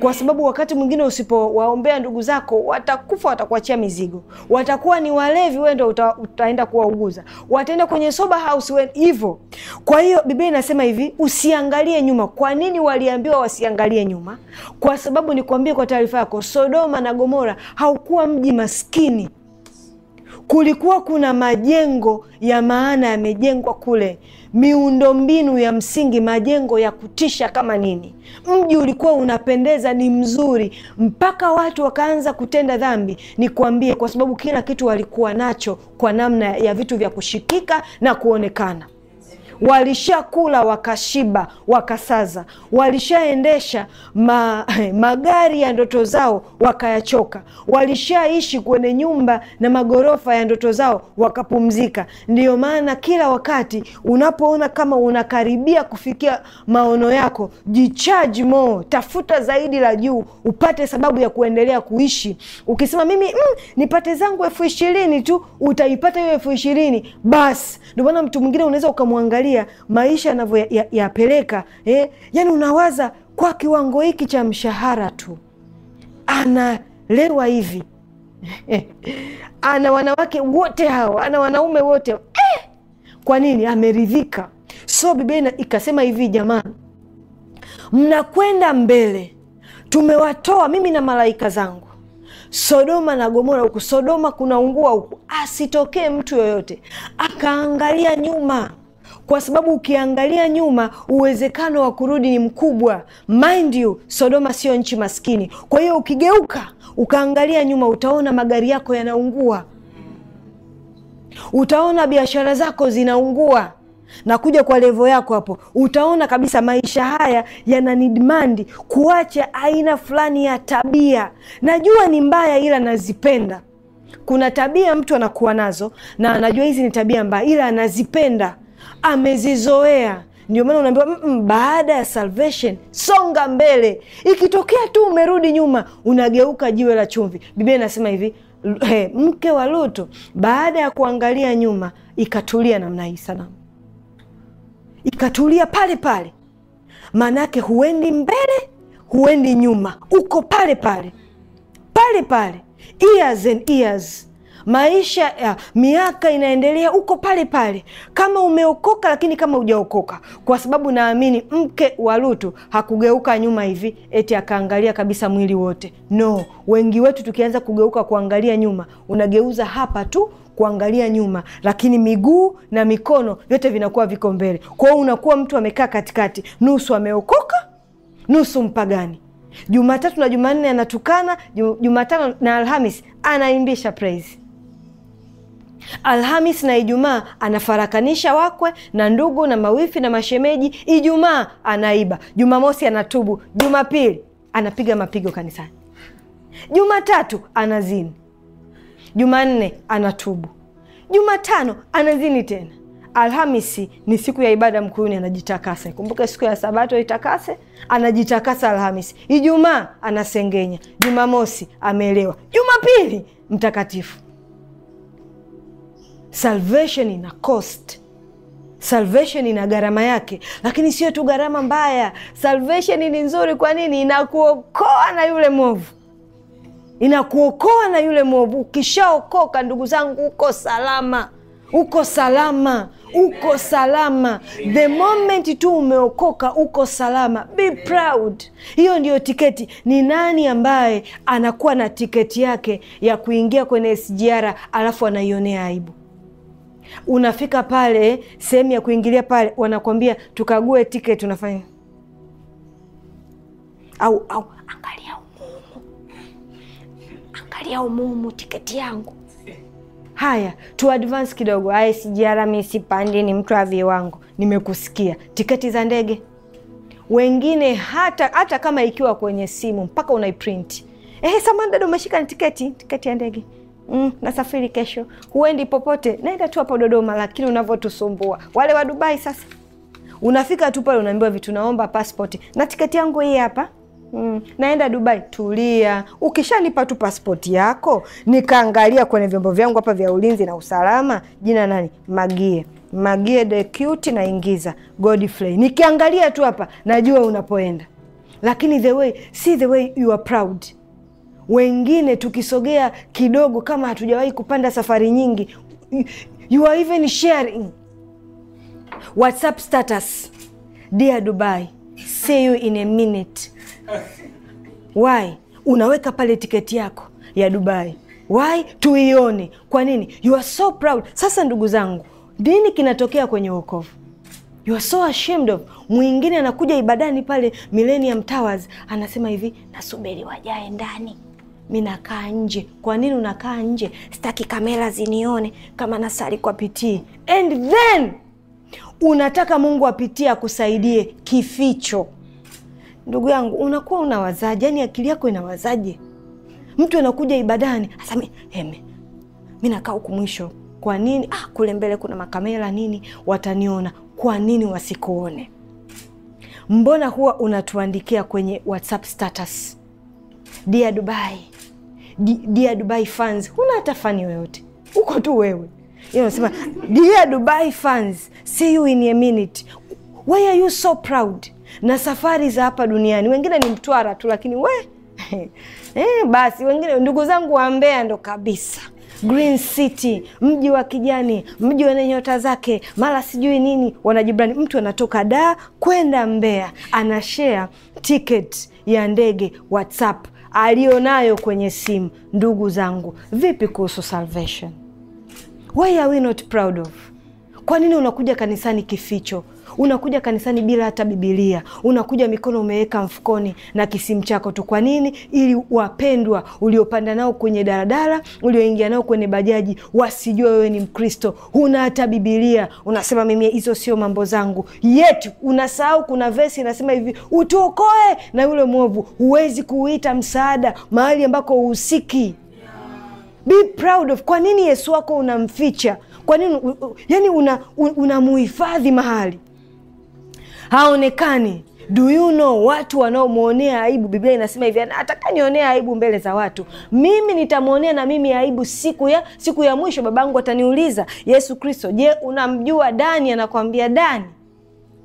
kwa sababu wakati mwingine usipowaombea ndugu zako watakufa, watakuachia mizigo, watakuwa ni walevi, wewe ndo uta, utaenda kuwauguza, wataenda kwenye soba house hivyo. Kwa hiyo Biblia inasema hivi, usiangalie nyuma. Kwa nini waliambiwa wasiangalie nyuma? Kwa sababu nikwambie, kwa taarifa yako, Sodoma na Gomora haukuwa mji maskini kulikuwa kuna majengo ya maana yamejengwa kule, miundombinu ya msingi, majengo ya kutisha kama nini. Mji ulikuwa unapendeza, ni mzuri, mpaka watu wakaanza kutenda dhambi. Nikwambie, kwa sababu kila kitu walikuwa nacho kwa namna ya vitu vya kushikika na kuonekana walishakula wakashiba wakasaza, walishaendesha ma, magari ya ndoto zao wakayachoka, walishaishi kwenye nyumba na magorofa ya ndoto zao wakapumzika. Ndiyo maana kila wakati unapoona kama unakaribia kufikia maono yako, jichaji mo, tafuta zaidi la juu, upate sababu ya kuendelea kuishi. Ukisema mimi mm, nipate zangu elfu ishirini tu, utaipata hiyo elfu ishirini basi. Ndio maana mtu mwingine unaweza ukamwangalia ukiangalia maisha anavyoyapeleka ya, eh, yani unawaza kwa kiwango hiki cha mshahara tu analewa hivi ana wanawake wote hawa, ana wanaume wote eh! Kwa nini? Ameridhika. So Biblia ikasema hivi, jamani, mnakwenda mbele, tumewatoa mimi na malaika zangu Sodoma na Gomora. Huku Sodoma kunaungua, huku asitokee mtu yoyote akaangalia nyuma kwa sababu ukiangalia nyuma uwezekano wa kurudi ni mkubwa. Mind you, Sodoma sio nchi maskini. Kwa hiyo ukigeuka ukaangalia nyuma, utaona magari yako yanaungua, utaona biashara zako zinaungua na kuja kwa levo yako hapo, utaona kabisa maisha haya yananidimandi kuacha aina fulani ya tabia. Najua ni mbaya, ila nazipenda. Kuna tabia mtu anakuwa nazo na anajua hizi ni tabia mbaya, ila anazipenda amezizoea. Ndio maana unaambiwa mm -mm, baada ya salvation songa mbele. Ikitokea tu umerudi nyuma, unageuka jiwe la chumvi. Biblia inasema hivi he, eh, mke wa Lutu baada ya kuangalia nyuma ikatulia namna hii sanamu, ikatulia pale pale. Maanake huendi mbele, huendi nyuma, uko pale pale pale pale, years and years maisha ya miaka inaendelea, uko pale pale kama umeokoka, lakini kama hujaokoka, kwa sababu naamini mke wa Lutu hakugeuka nyuma hivi eti akaangalia kabisa mwili wote. No, wengi wetu tukianza kugeuka kuangalia nyuma, unageuza hapa tu kuangalia nyuma, lakini miguu na mikono yote vinakuwa viko mbele. Kwa hiyo unakuwa mtu amekaa katikati, nusu ameokoka, nusu mpagani. Jumatatu na Jumanne anatukana, Jumatano na Alhamis anaimbisha praise. Alhamis na Ijumaa anafarakanisha wakwe na ndugu na mawifi na mashemeji. Ijumaa anaiba, Jumamosi anatubu, Jumapili anapiga mapigo kanisani, Jumatatu anazini, Jumanne anatubu, Jumatano anazini tena. Alhamisi ni siku ya ibada mkuuni, anajitakasa. Kumbuke siku ya Sabato itakase, anajitakasa Alhamisi. Ijumaa anasengenya, Jumamosi amelewa, Jumapili mtakatifu. Salvation ina cost, salvation ina gharama yake, lakini sio tu gharama mbaya. Salvation ni nzuri. Kwa nini? Inakuokoa na yule mwovu, inakuokoa na yule mwovu. Ukishaokoka ndugu zangu, uko salama uko salama, uko salama. The moment tu umeokoka uko salama. Be proud. Hiyo ndiyo tiketi. Ni nani ambaye anakuwa na tiketi yake ya kuingia kwenye sjr alafu anaionea aibu? Unafika pale sehemu ya kuingilia pale, wanakwambia tukague tiketi, unafanya au au, angalia umumu, angalia umumu, tiketi yangu Haya, tu advance kidogo. Haya, sijara mimi sipandi, ni mtu wa wangu, Nimekusikia tiketi za ndege, wengine hata hata kama ikiwa kwenye simu mpaka unaiprint. Ehe, samani dada, umeshika ni tiketi, tiketi ya ndege. Mm, nasafiri kesho. Huendi popote, naenda tu hapo Dodoma, lakini unavyotusumbua wale wa Dubai. Sasa unafika tu pale unaambiwa vitu, naomba passport na tiketi yangu hii hapa. Mm, naenda Dubai. Tulia, ukishanipa tu pasipoti yako nikaangalia kwenye vyombo vyangu hapa vya ulinzi na usalama, jina nani? Magie Magie the cute, naingiza Godfrey, nikiangalia tu hapa najua unapoenda, lakini the way, see the way you are proud wengine tukisogea kidogo, kama hatujawahi kupanda safari nyingi, you are even sharing WhatsApp status, dear Dubai, see you in a minute. Why? Unaweka pale tiketi yako ya Dubai, why? Tuione. Kwa nini? You are so proud. Sasa ndugu zangu, nini kinatokea kwenye wokovu? You are so ashamed of. Mwingine anakuja ibadani pale Millennium Towers anasema hivi, nasubiri wajae ndani mi nakaa nje. Kwa nini unakaa nje? Sitaki kamera zinione kama nasali kwa pitii. And then unataka Mungu apitie akusaidie kificho. Ndugu yangu, unakuwa unawazaje? Yani akili yako inawazaje? Mtu anakuja ibadani hasa mi nakaa huku mwisho. Kwa nini? Ah, kule mbele kuna makamera nini, wataniona. Kwa nini wasikuone? Mbona huwa unatuandikia kwenye WhatsApp status, Dear Dubai, Dear Dubai fans, huna hata fani yoyote, uko tu wewe unasema Dear Dubai fans, see you in a minute. Why are you so proud? Na safari za hapa duniani wengine ni Mtwara tu, lakini we eh, basi wengine ndugu zangu wa Mbeya ndo kabisa Green City, mji wa kijani, mji wenye nyota zake, mara sijui nini, wanajibrani. Mtu anatoka Dar kwenda Mbeya, anashare ticket ya ndege WhatsApp alionayo kwenye simu. Ndugu zangu, vipi kuhusu salvation? Why are we not proud of? Kwa nini unakuja kanisani kificho? Unakuja kanisani bila hata Bibilia, unakuja mikono umeweka mfukoni na kisimu chako tu. Kwa nini? Ili wapendwa uliopanda nao kwenye daradara ulioingia nao kwenye bajaji, wasijue wewe ni Mkristo. Huna hata Bibilia, unasema mimi hizo sio mambo zangu, yet unasahau kuna vesi inasema hivi, utuokoe na yule mwovu. Huwezi kuita msaada mahali ambako uhusiki. Be proud of. Kwa nini Yesu wako unamficha? Kwa nini yani unamuhifadhi una mahali haonekani Do you know watu wanaomwonea aibu, Biblia inasema hivi, atakanionea aibu mbele za watu, mimi nitamwonea na mimi aibu siku ya siku ya mwisho. Babangu ataniuliza Yesu Kristo, je, unamjua Dani? Anakwambia Dani,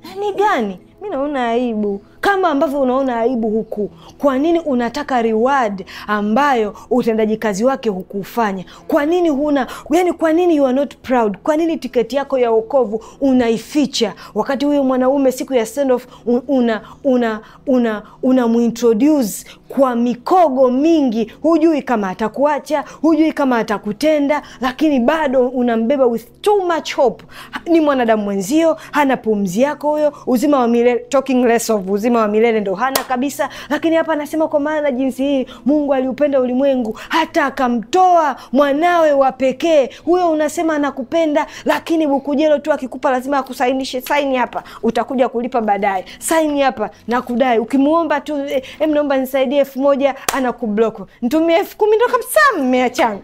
nani gani? Mi naona aibu kama ambavyo unaona aibu huku, kwa nini unataka reward ambayo utendaji kazi wake hukufanya? Kwa nini huna yani, kwa nini you are not proud? Kwa nini tiketi yako ya wokovu unaificha, wakati huyo mwanaume siku ya send off una una una unamuintroduce kwa mikogo mingi, hujui kama atakuacha, hujui kama atakutenda, lakini bado unambeba with too much hope. Ni mwanadamu mwenzio, hana pumzi yako huyo, uzima wa milele, talking less of uzima uzima wa milele ndo hana kabisa, lakini hapa anasema kwa maana jinsi hii Mungu aliupenda ulimwengu hata akamtoa mwanawe wa pekee. Huyo unasema anakupenda, lakini bukujelo tu akikupa lazima akusainishe, saini hapa, utakuja kulipa baadaye, saini hapa na kudai. Ukimuomba tu eh, eh, naomba nisaidie elfu moja, anakubloku, ntumie elfu kumi, ndo kabisa mmeachana.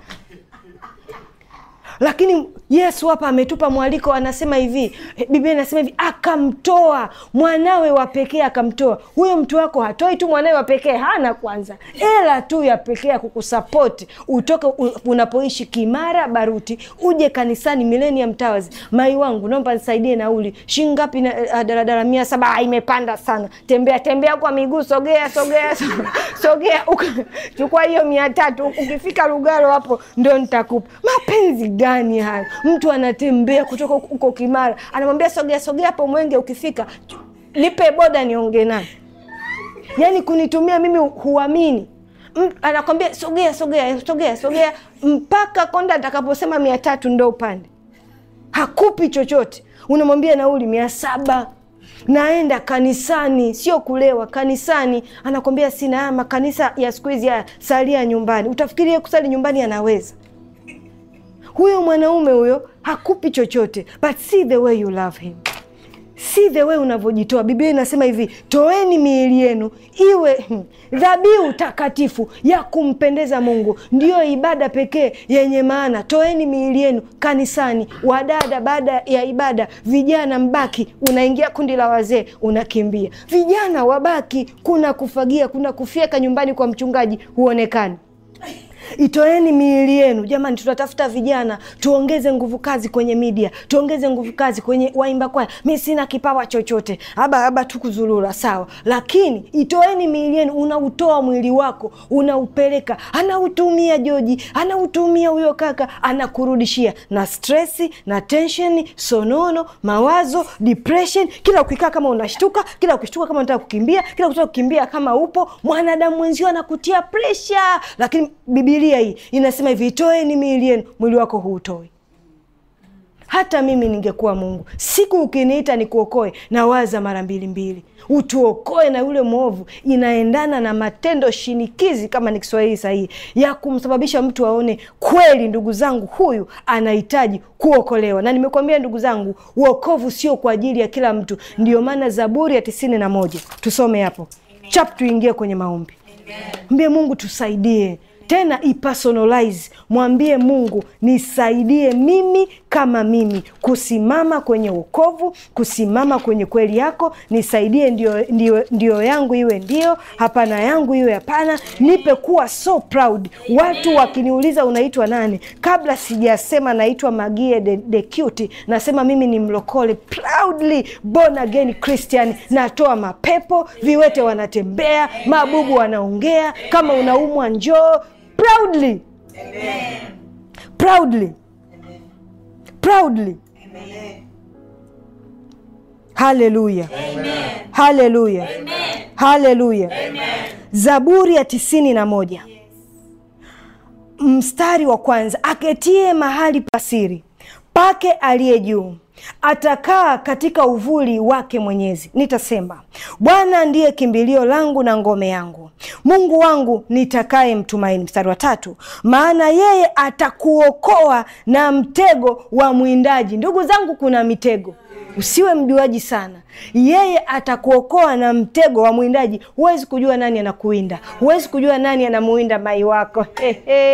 Lakini Yesu hapa ametupa mwaliko, anasema hivi, eh, Biblia inasema hivi, akamtoa mwanawe wa pekee akamtoa. Huyo mtu wako hatoi tu mwanawe wa pekee, hana kwanza hela tu ya pekee ya kukusapoti utoke unapoishi Kimara Baruti uje kanisani Millennium Towers. Mai wangu, naomba nisaidie nauli shingapi ngapi? na eh, daladala mia saba ah, imepanda sana. Tembea tembea kwa miguu, sogea sogea sogea, chukua hiyo mia tatu ukifika Lugalo hapo ndo nitakupa mapenzi gani? gani haya? Mtu anatembea kutoka huko Kimara, anamwambia sogea sogea hapo Mwenge, ukifika lipe boda niongee naye. Yani kunitumia mimi, huamini anakwambia sogea sogea sogea sogea mpaka konda atakaposema mia tatu ndo upande. Hakupi chochote, unamwambia nauli mia saba naenda kanisani, sio kulewa, kanisani. Anakwambia sina, makanisa ya siku hizi haya, salia nyumbani. Utafikiria kusali nyumbani anaweza huyo mwanaume huyo hakupi chochote, but see the way you love him, see the way unavyojitoa. Biblia inasema hivi, toeni miili yenu iwe hmm, dhabihu takatifu ya kumpendeza Mungu, ndiyo ibada pekee yenye maana. Toeni miili yenu kanisani. Wadada, baada ya ibada, vijana mbaki, unaingia kundi la wazee, unakimbia. Vijana wabaki, kuna kufagia, kuna kufyeka nyumbani kwa mchungaji, huonekani Itoeni miili yenu jamani, tunatafuta vijana, tuongeze nguvu kazi kwenye media, tuongeze nguvu kazi kwenye waimba kwaya. Mi sina kipawa chochote, aba aba tu kuzurura, sawa, lakini itoeni miili yenu. Unautoa mwili wako unaupeleka, anautumia Joji, anautumia huyo kaka, anakurudishia na stresi na tensheni, sonono, mawazo, depression. Kila ukikaa kama unashtuka, kila ukishtuka kama unataka kukimbia, kila ukitaka kukimbia kama upo mwanadamu mwenzio anakutia presha, lakini bibi bibilia hii inasema hivi, itoeni miili yenu, mwili wako huutoi. Hata mimi ningekuwa Mungu, siku ukiniita nikuokoe, nawaza mara mbili mbili, utuokoe na yule mwovu. Inaendana na matendo shinikizi, kama ni Kiswahili sahihi, ya kumsababisha mtu aone kweli, ndugu zangu, huyu anahitaji kuokolewa. Na nimekuambia ndugu zangu, uokovu sio kwa ajili ya kila mtu. Ndiyo maana Zaburi ya tisini na moja tusome hapo chap, tuingie kwenye maombi, mbie Mungu tusaidie tena ipersonalize, mwambie Mungu nisaidie mimi kama mimi kusimama kwenye uokovu kusimama kwenye kweli yako. Nisaidie ndio, ndio, ndio yangu iwe ndio, hapana yangu iwe hapana. Nipe kuwa so proud. Watu wakiniuliza unaitwa nani, kabla sijasema naitwa Magie de, de Cute, nasema mimi ni mlokole proudly born again Christian. Natoa mapepo, viwete wanatembea, mabubu wanaongea, kama unaumwa njoo proudly Amen. proudly Amen. proudly Amen. Hallelujah. Amen. Hallelujah. Amen. Hallelujah. Amen. zaburi ya tisini na moja yes. mstari wa kwanza aketie mahali pasiri pake aliye juu atakaa katika uvuli wake Mwenyezi. Nitasema, Bwana ndiye kimbilio langu na ngome yangu, Mungu wangu nitakaye mtumaini. Mstari wa tatu, maana yeye atakuokoa na mtego wa mwindaji. Ndugu zangu, kuna mitego Usiwe mjuaji sana, yeye atakuokoa na mtego wa mwindaji. Huwezi kujua nani anakuwinda, huwezi kujua nani anamuwinda mai wako,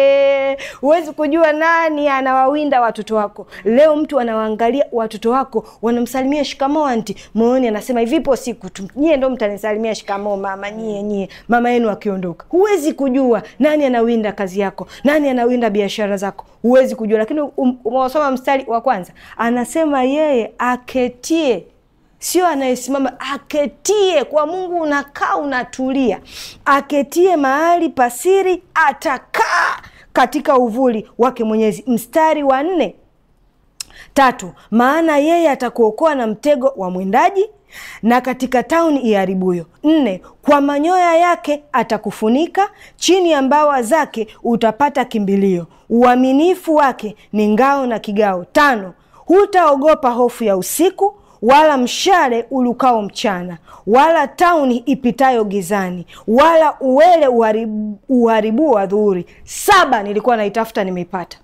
huwezi kujua nani anawawinda watoto wako. Leo mtu anawaangalia watoto wako, wanamsalimia shikamoo anti, moyoni anasema hivipo siku tu nyie ndo mtanisalimia shikamoo mama, nyie nyie, mama yenu akiondoka. Huwezi kujua nani anawinda kazi yako, nani anawinda biashara zako, huwezi kujua. Lakini um, umewasoma mstari wa kwanza, anasema yeye aki aketie sio anayesimama, aketie kwa Mungu. Unakaa unatulia, aketie mahali pasiri atakaa katika uvuli wake Mwenyezi. Mstari wa nne tatu, maana yeye atakuokoa na mtego wa mwindaji na katika tauni iharibuyo. Nne, kwa manyoya yake atakufunika, chini ya mbawa zake utapata kimbilio. Uaminifu wake ni ngao na kigao. Tano, hutaogopa hofu ya usiku wala mshale ulukao mchana, wala tauni ipitayo gizani, wala uwele uharibu, uharibu wa dhuhuri. Saba nilikuwa naitafuta nimeipata.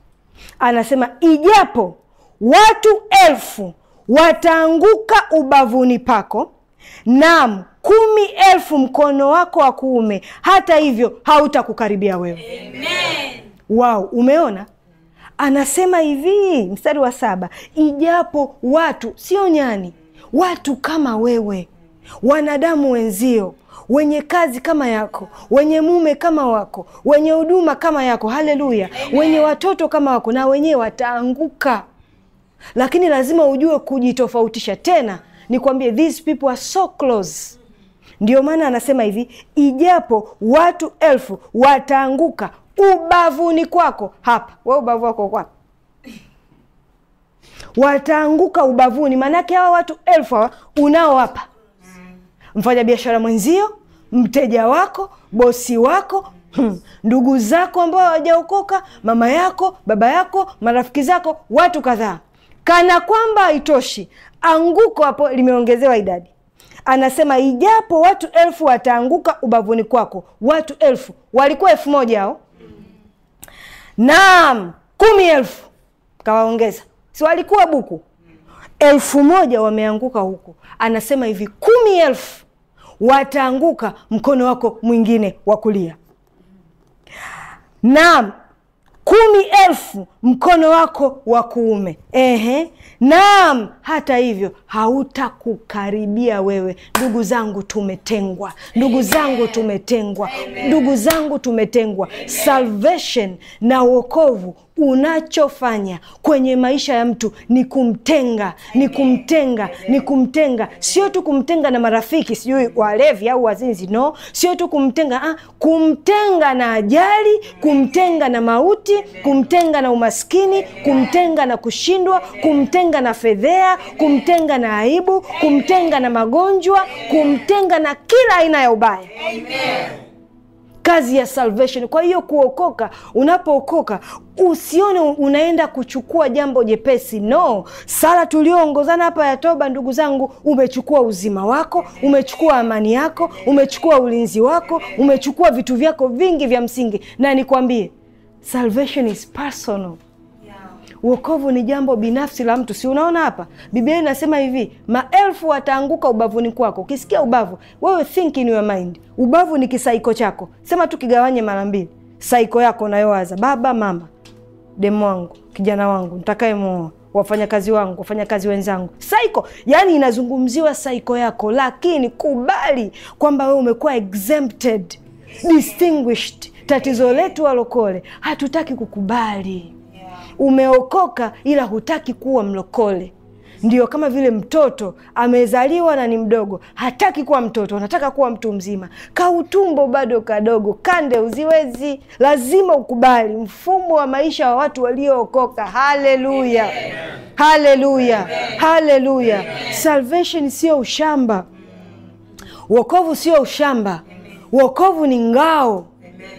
Anasema ijapo watu elfu wataanguka ubavuni pako, nam kumi elfu mkono wako wa kuume, hata hivyo hautakukaribia wewe. Wau, wow, umeona anasema hivi mstari wa saba, ijapo watu sio nyani, watu kama wewe, wanadamu wenzio wenye kazi kama yako, wenye mume kama wako, wenye huduma kama yako, haleluya, wenye watoto kama wako, na wenyewe wataanguka. Lakini lazima ujue kujitofautisha. Tena nikwambie, these people are so close. Ndio maana anasema hivi, ijapo watu elfu wataanguka, ubavuni kwako hapa. We ubavu wako kwa wataanguka ubavuni. Maanake hawa watu elfu hawa hapa mfanya biashara mwenzio, mteja wako, bosi wako, hmm, ndugu zako ambao hawajaokoka, mama yako, baba yako, marafiki zako, watu kadhaa. Kana kwamba haitoshi, anguko hapo limeongezewa idadi. Anasema ijapo watu elfu wataanguka ubavuni kwako. Watu elfu walikuwa elfu moja hao Naam, kumi elfu kawaongeza, si walikuwa buku elfu moja wameanguka huku. Anasema hivi kumi elfu wataanguka mkono wako mwingine wa kulia. Naam, kumi elfu mkono wako wa kuume. Ehe, naam. Hata hivyo hautakukaribia wewe. Ndugu zangu, tumetengwa. Ndugu zangu, tumetengwa. Ndugu zangu, tumetengwa. Salvation na uokovu unachofanya kwenye maisha ya mtu ni kumtenga, ni kumtenga, ni kumtenga. Sio tu kumtenga na marafiki, sijui walevi au wazinzi, no, sio tu kumtenga ah, kumtenga na ajali, kumtenga na mauti, kumtenga na umasikini umaskini, kumtenga na kushindwa, kumtenga na fedhea, kumtenga na aibu, kumtenga na magonjwa, kumtenga na kila aina ya ubaya. Kazi ya salvation. Kwa hiyo kuokoka, unapookoka usione unaenda kuchukua jambo jepesi. No, sala tulioongozana hapa ya toba, ndugu zangu, umechukua uzima wako, umechukua amani yako, umechukua ulinzi wako, umechukua vitu vyako vingi vya msingi, na nikwambie Salvation is personal. Wokovu ni jambo binafsi la mtu, si unaona hapa Biblia inasema hivi, maelfu wataanguka ubavuni kwako. Ukisikia ubavu, wewe think in your mind, ubavu ni kisaiko chako. Sema tu kigawanye mara mbili, saiko yako unayowaza, baba mama, demu wangu, kijana wangu nitakayemuoa, wafanyakazi wangu, wafanyakazi wenzangu, saiko. Yani inazungumziwa saiko yako, lakini kubali kwamba wewe umekuwa exempted, distinguished Tatizo letu walokole, hatutaki kukubali. Umeokoka ila hutaki kuwa mlokole. Ndio kama vile mtoto amezaliwa na ni mdogo, hataki kuwa mtoto, anataka kuwa mtu mzima. Kautumbo bado kadogo, kande uziwezi. Lazima ukubali mfumo wa maisha wa watu waliookoka. Haleluya, haleluya, haleluya! Salvation sio ushamba, wokovu sio ushamba, wokovu ni ngao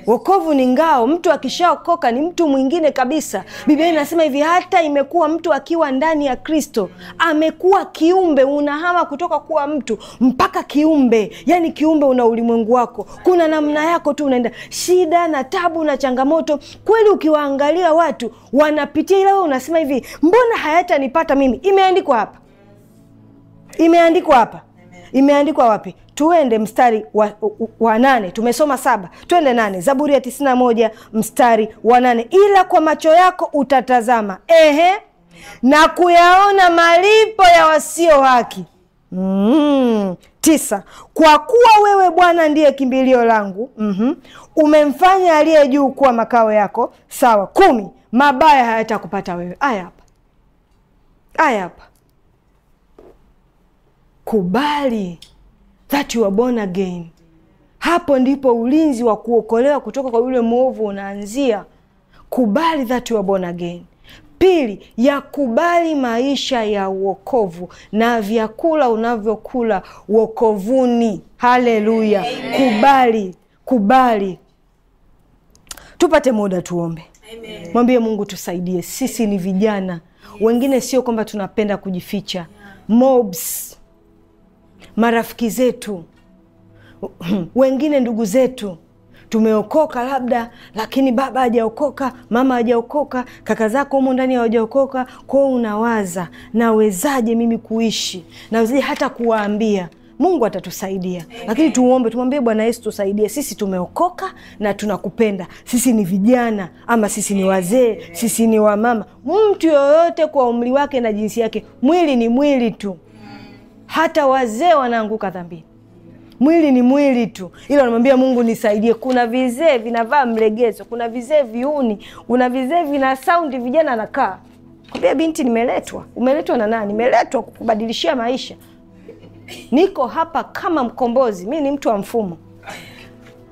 Wokovu ni ngao. Mtu akishaokoka ni mtu mwingine kabisa. Biblia inasema hivi, hata imekuwa mtu akiwa ndani ya Kristo amekuwa kiumbe. Unahama kutoka kuwa mtu mpaka kiumbe, yani kiumbe una ulimwengu wako, kuna namna yako tu unaenda. Shida na tabu na changamoto kweli, ukiwaangalia watu wanapitia, ila wewe unasema hivi, mbona hayatanipata mimi? Imeandikwa hapa, imeandikwa hapa, imeandikwa wapi? tuende mstari wa, wa nane. Tumesoma saba, tuende nane. Zaburi ya tisini na moja mstari wa nane, ila kwa macho yako utatazama, ehe, na kuyaona malipo ya wasio haki. Mm. Tisa, kwa kuwa wewe Bwana ndiye kimbilio langu. mm -hmm. Umemfanya aliye juu kuwa makao yako. Sawa. Kumi, mabaya hayatakupata wewe. Aya hapa, aya hapa, kubali that you are born again. Hapo ndipo ulinzi wa kuokolewa kutoka kwa yule mwovu unaanzia. Kubali that you are born again. Pili, yakubali maisha ya uokovu na vyakula unavyokula uokovuni. Haleluya! Kubali, kubali. Tupate muda tuombe. Amen. Mwambie Mungu tusaidie, sisi ni vijana. Yes. Wengine sio kwamba tunapenda kujificha. Yeah. Mobs marafiki zetu wengine ndugu zetu tumeokoka labda, lakini baba hajaokoka, mama hajaokoka, kaka zako humo ndani hawajaokoka. Kwao unawaza nawezaje mimi kuishi, nawezaje hata kuwaambia. Mungu atatusaidia, lakini tuombe, tumwambie Bwana Yesu tusaidie. Sisi tumeokoka na tunakupenda. Sisi ni vijana ama sisi ni wazee, sisi ni wamama, mtu yoyote kwa umri wake na jinsi yake. Mwili ni mwili tu hata wazee wanaanguka dhambini. Mwili ni mwili tu, ila unamwambia Mungu nisaidie. Kuna vizee vinavaa mlegezo, kuna vizee viuni, kuna vizee vina saundi, vijana anakaa kwambia, binti, nimeletwa. Umeletwa na nani? Nimeletwa kukubadilishia maisha. Niko hapa kama mkombozi, mi ni mtu wa mfumo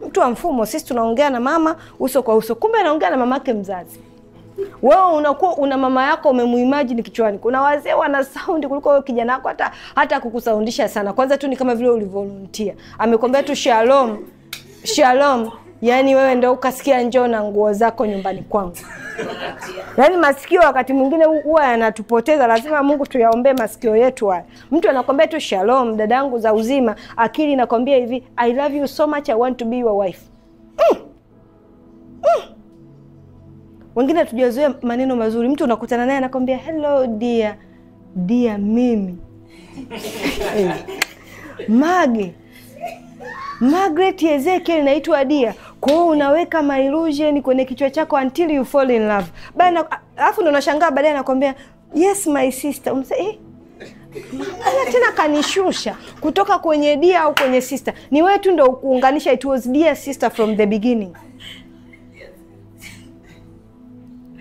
mtu wa mfumo. Sisi tunaongea na mama uso kwa uso, kumbe anaongea na mamake mzazi wewe unakuwa una mama yako umemuimagine kichwani. Kuna wazee wana sound kuliko wewe kijana wako, hata hata kukusaundisha sana. Kwanza tu ni kama vile ulivolunteer, amekwambia tu shalom shalom, yani wewe ndio ukasikia njoo na nguo zako nyumbani kwangu. Yani masikio wakati mwingine huwa yanatupoteza, lazima Mungu tuyaombee masikio yetu haya. Mtu anakwambia tu shalom, dadangu za uzima, akili inakwambia hivi I love you so much, I want to be your wife. mm. Mm. Wengine hatujazoea maneno mazuri, mtu unakutana naye anakwambia hello dear, dear mimi Mage Margaret Ezekiel inaitwa dia. Kwa hiyo unaweka my kwenye kichwa chako until you fall in love. Bana, alafu ndo unashangaa baadaye anakwambia yes my sister. Umse, eh? Ana tena kanishusha kutoka kwenye dia au kwenye sister. Ni wewe tu ndo kuunganisha it was dear sister from the beginning.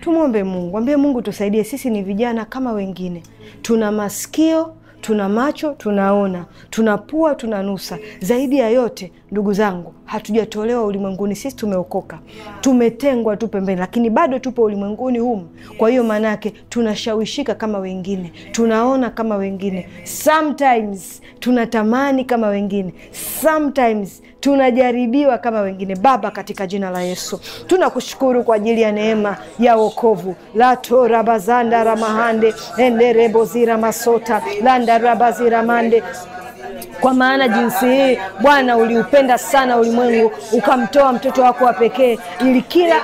Tumwombe Mungu, mwambie Mungu tusaidie. Sisi ni vijana kama wengine, tuna masikio, tuna macho, tunaona, tuna pua, tunanusa. Zaidi ya yote ndugu zangu, hatujatolewa ulimwenguni. Sisi tumeokoka, tumetengwa tu pembeni, lakini bado tupo ulimwenguni humu. Kwa hiyo maana yake tunashawishika kama wengine, tunaona kama wengine, sometimes tunatamani kama wengine, sometimes tunajaribiwa kama wengine. Baba, katika jina la Yesu tunakushukuru kwa ajili ya neema ya wokovu latorabazandaramahande endereboziramasota landarabazira mande kwa maana jinsi hii Bwana uliupenda sana ulimwengu ukamtoa mtoto wako wa pekee, ili kila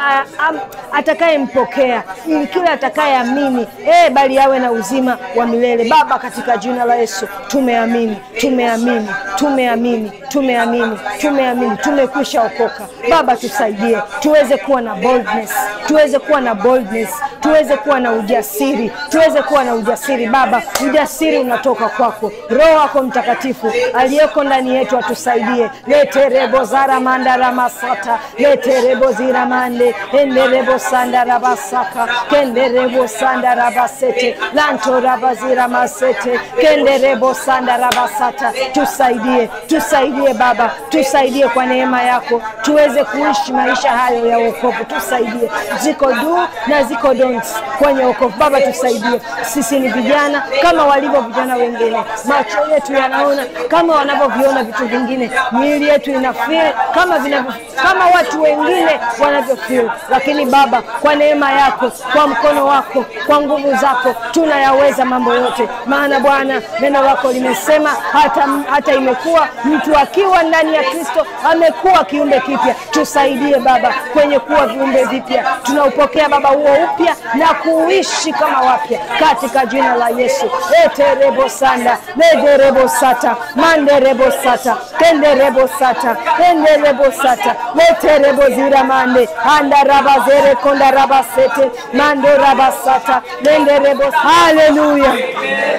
atakayempokea, ili kila atakayeamini, e, bali awe na uzima wa milele. Baba, katika jina la Yesu, tumeamini, tumeamini, tumeamini, tumeamini, tumeamini, tumekwisha okoka. Baba, tusaidie tuweze kuwa na boldness, tuweze kuwa na boldness, tuweze kuwa na ujasiri, tuweze kuwa na ujasiri. Baba, ujasiri unatoka kwako, Roho yako Mtakatifu aliyoko ndani yetu atusaidie. leterebo zara mandara masata leterebo zira mande enderebo sandara basaka kenderebo sandara basete lantora bazira masete kenderebo sandara basata. Tusaidie, tusaidie Baba, tusaidie kwa neema yako tuweze kuishi maisha hayo ya wokovu. Tusaidie, ziko du na ziko don't kwenye wokovu. Baba tusaidie, sisi ni vijana kama walivyo vijana wengine, macho yetu yanaona kama wanavyoviona vitu vingine. Miili yetu ina feel kama vina, kama watu wengine wanavyo feel, lakini Baba, kwa neema yako, kwa mkono wako, kwa nguvu zako tunayaweza mambo yote, maana Bwana neno lako limesema hata, hata imekuwa mtu akiwa ndani ya Kristo amekuwa kiumbe kipya. Tusaidie Baba kwenye kuwa viumbe vipya, tunaupokea Baba huo upya na kuishi kama wapya katika jina la Yesu eterebo sanda negerebo sata manderebo sata kenderebo sata kenderebo sata meterebo zira mande andarabazere kondarabasete mandorabasata lenderebo haleluya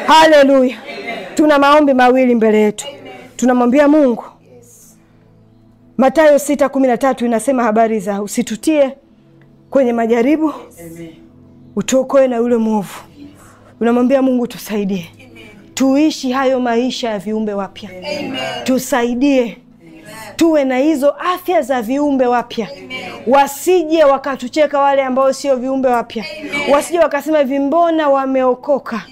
haleluya tuna maombi mawili mbele yetu tunamwambia mungu matayo sita tatu inasema habari za usitutie kwenye majaribu utuokoe na yule mwovu unamwambia mungu tusaidie tuishi hayo maisha ya viumbe wapya, tusaidie Tuwe na hizo afya za viumbe wapya, wasije wakatucheka wale ambao sio viumbe wapya, wasije wakasema vimbona wameokoka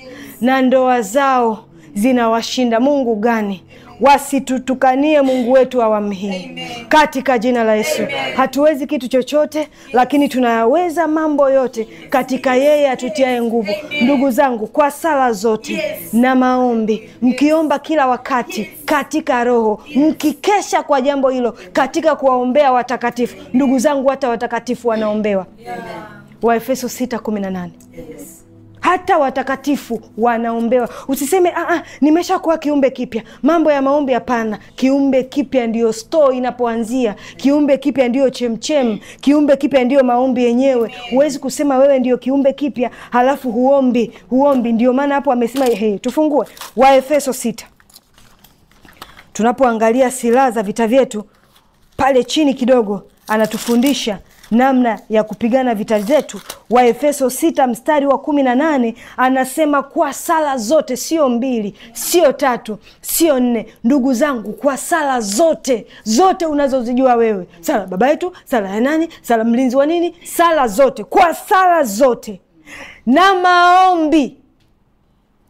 na ndoa zao zinawashinda Mungu gani? wasitutukanie Mungu wetu awamhii katika jina la Yesu. Hatuwezi kitu chochote, lakini tunayaweza mambo yote katika yeye atutiaye nguvu. Ndugu zangu, kwa sala zote na maombi, mkiomba kila wakati katika Roho, mkikesha kwa jambo hilo katika kuwaombea watakatifu. Ndugu zangu, hata watakatifu wanaombewa. Waefeso 6:18 hata watakatifu wanaombewa. Usiseme ah, ah, nimeshakuwa kiumbe kipya, mambo ya maombi, hapana. Kiumbe kipya ndiyo store inapoanzia, kiumbe kipya ndiyo chemchem, kiumbe kipya ndiyo maombi yenyewe. Huwezi kusema wewe ndio kiumbe kipya halafu huombi, huombi. Ndio maana hapo amesema hey, tufungue Waefeso sita tunapoangalia silaha za vita vyetu pale chini kidogo, anatufundisha namna ya kupigana vita zetu wa Efeso 6 mstari wa 18 anasema kwa sala zote, sio mbili, sio tatu, sio nne. Ndugu zangu, kwa sala zote zote unazozijua wewe, sala baba yetu, sala ya nani, sala mlinzi wa nini, sala zote, kwa sala zote na maombi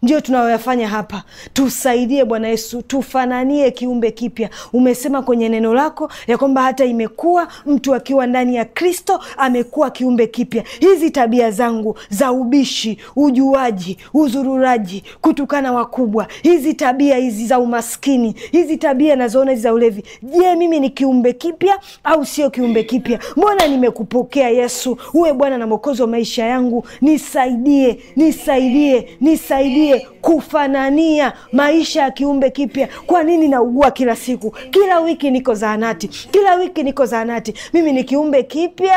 ndio tunayoyafanya hapa. Tusaidie Bwana Yesu, tufananie kiumbe kipya. Umesema kwenye neno lako ya kwamba hata imekuwa mtu akiwa ndani ya Kristo amekuwa kiumbe kipya. Hizi tabia zangu za ubishi, ujuaji, uzururaji, kutukana wakubwa, hizi tabia hizi za umaskini, hizi tabia nazoona hizi za ulevi, je, mimi ni kiumbe kipya au sio kiumbe kipya? Mbona nimekupokea Yesu, uwe Bwana na Mwokozi wa maisha yangu. Nisaidie, nisaidie, nisaidie yeye kufanania maisha ya kiumbe kipya. Kwa nini naugua kila siku, kila wiki niko zahanati, kila wiki niko zahanati? Mimi ni kiumbe kipya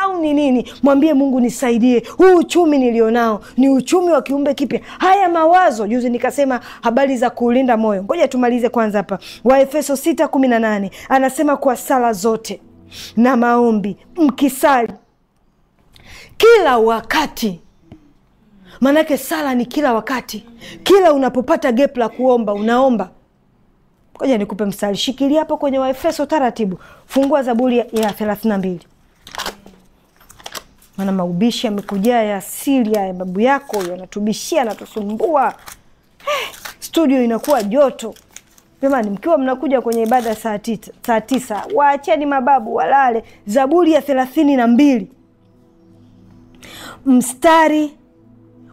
au ni nini? Mwambie Mungu, nisaidie. Huu uchumi nilionao ni uchumi wa kiumbe kipya. Haya mawazo, juzi nikasema habari za kuulinda moyo. Ngoja tumalize kwanza hapa, Waefeso 6:18 anasema kwa sala zote na maombi mkisali kila wakati Maanake sala ni kila wakati, kila unapopata gep la kuomba unaomba. koja nikupe mstari, shikilia hapo kwenye Waefeso taratibu, fungua Zaburi ya thelathina mbili maana maubishi yamekujaa ya asili ya babu yako, yanatubishia natusumbua. Eh, studio inakuwa joto jamani. Mkiwa mnakuja kwenye ibada saa tisa waacheni mababu walale. Zaburi ya thelathini na mbili mstari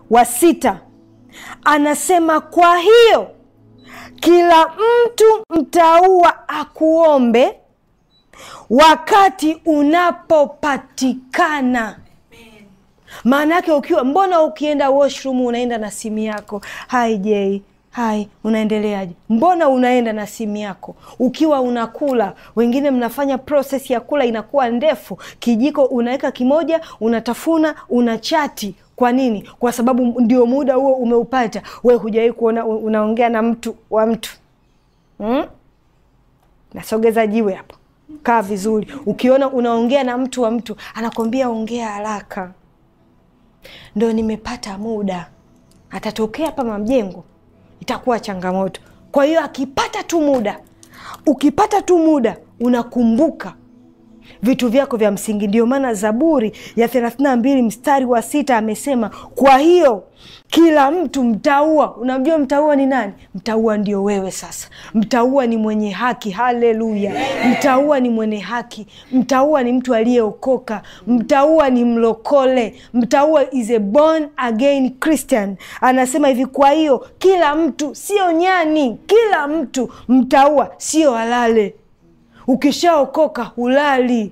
wa sita anasema, kwa hiyo kila mtu mtaua akuombe wakati unapopatikana. Maana yake ukiwa, mbona ukienda washroom unaenda na simu yako, hai Jei, hai unaendeleaje? Mbona unaenda na simu yako? Ukiwa unakula, wengine mnafanya proses ya kula inakuwa ndefu, kijiko unaweka kimoja, unatafuna, unachati kwa nini? Kwa sababu ndio muda huo umeupata. We hujawahi kuona unaongea na mtu wa mtu hmm? Nasogeza jiwe hapo, kaa vizuri. Ukiona unaongea na mtu wa mtu anakwambia ongea haraka, ndo nimepata muda. Atatokea hapa Mamjengo, itakuwa changamoto. Kwa hiyo akipata tu muda, ukipata tu muda unakumbuka vitu vyako vya msingi. Ndio maana Zaburi ya 32 mbili mstari wa sita amesema, kwa hiyo kila mtu mtaua. Unamjua mtaua ni nani? Mtaua ndio wewe. Sasa mtaua ni mwenye haki. Haleluya! Mtaua ni mwenye haki, mtaua ni mtu aliyeokoka, mtaua ni mlokole, mtaua is a born again Christian. Anasema hivi, kwa hiyo kila mtu, sio nyani, kila mtu mtaua, sio halale Ukishaokoka hulali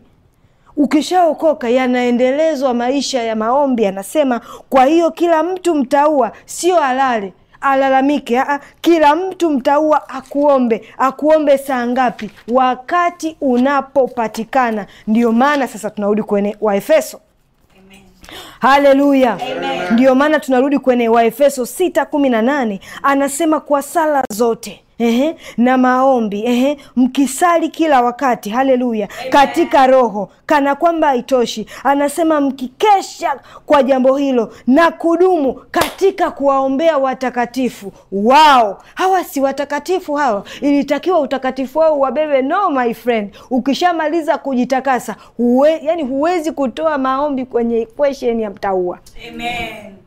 ukishaokoka yanaendelezwa maisha ya maombi. Anasema, kwa hiyo kila mtu mtaua sio alale alalamike, Aa, kila mtu mtaua akuombe. Akuombe saa ngapi? Wakati unapopatikana. Ndiyo maana sasa tunarudi kwenye Waefeso. Haleluya! Ndiyo maana tunarudi kwenye Waefeso sita kumi na nane anasema kwa sala zote Ehe, na maombi ehe, mkisali kila wakati haleluya, katika Roho, kana kwamba haitoshi, anasema mkikesha kwa jambo hilo na kudumu katika kuwaombea watakatifu. Wao hawa si watakatifu hawa, ilitakiwa utakatifu wao wabebe. No my friend, ukishamaliza kujitakasa huwe, yani huwezi kutoa maombi kwenye equation ya mtaua. Amen.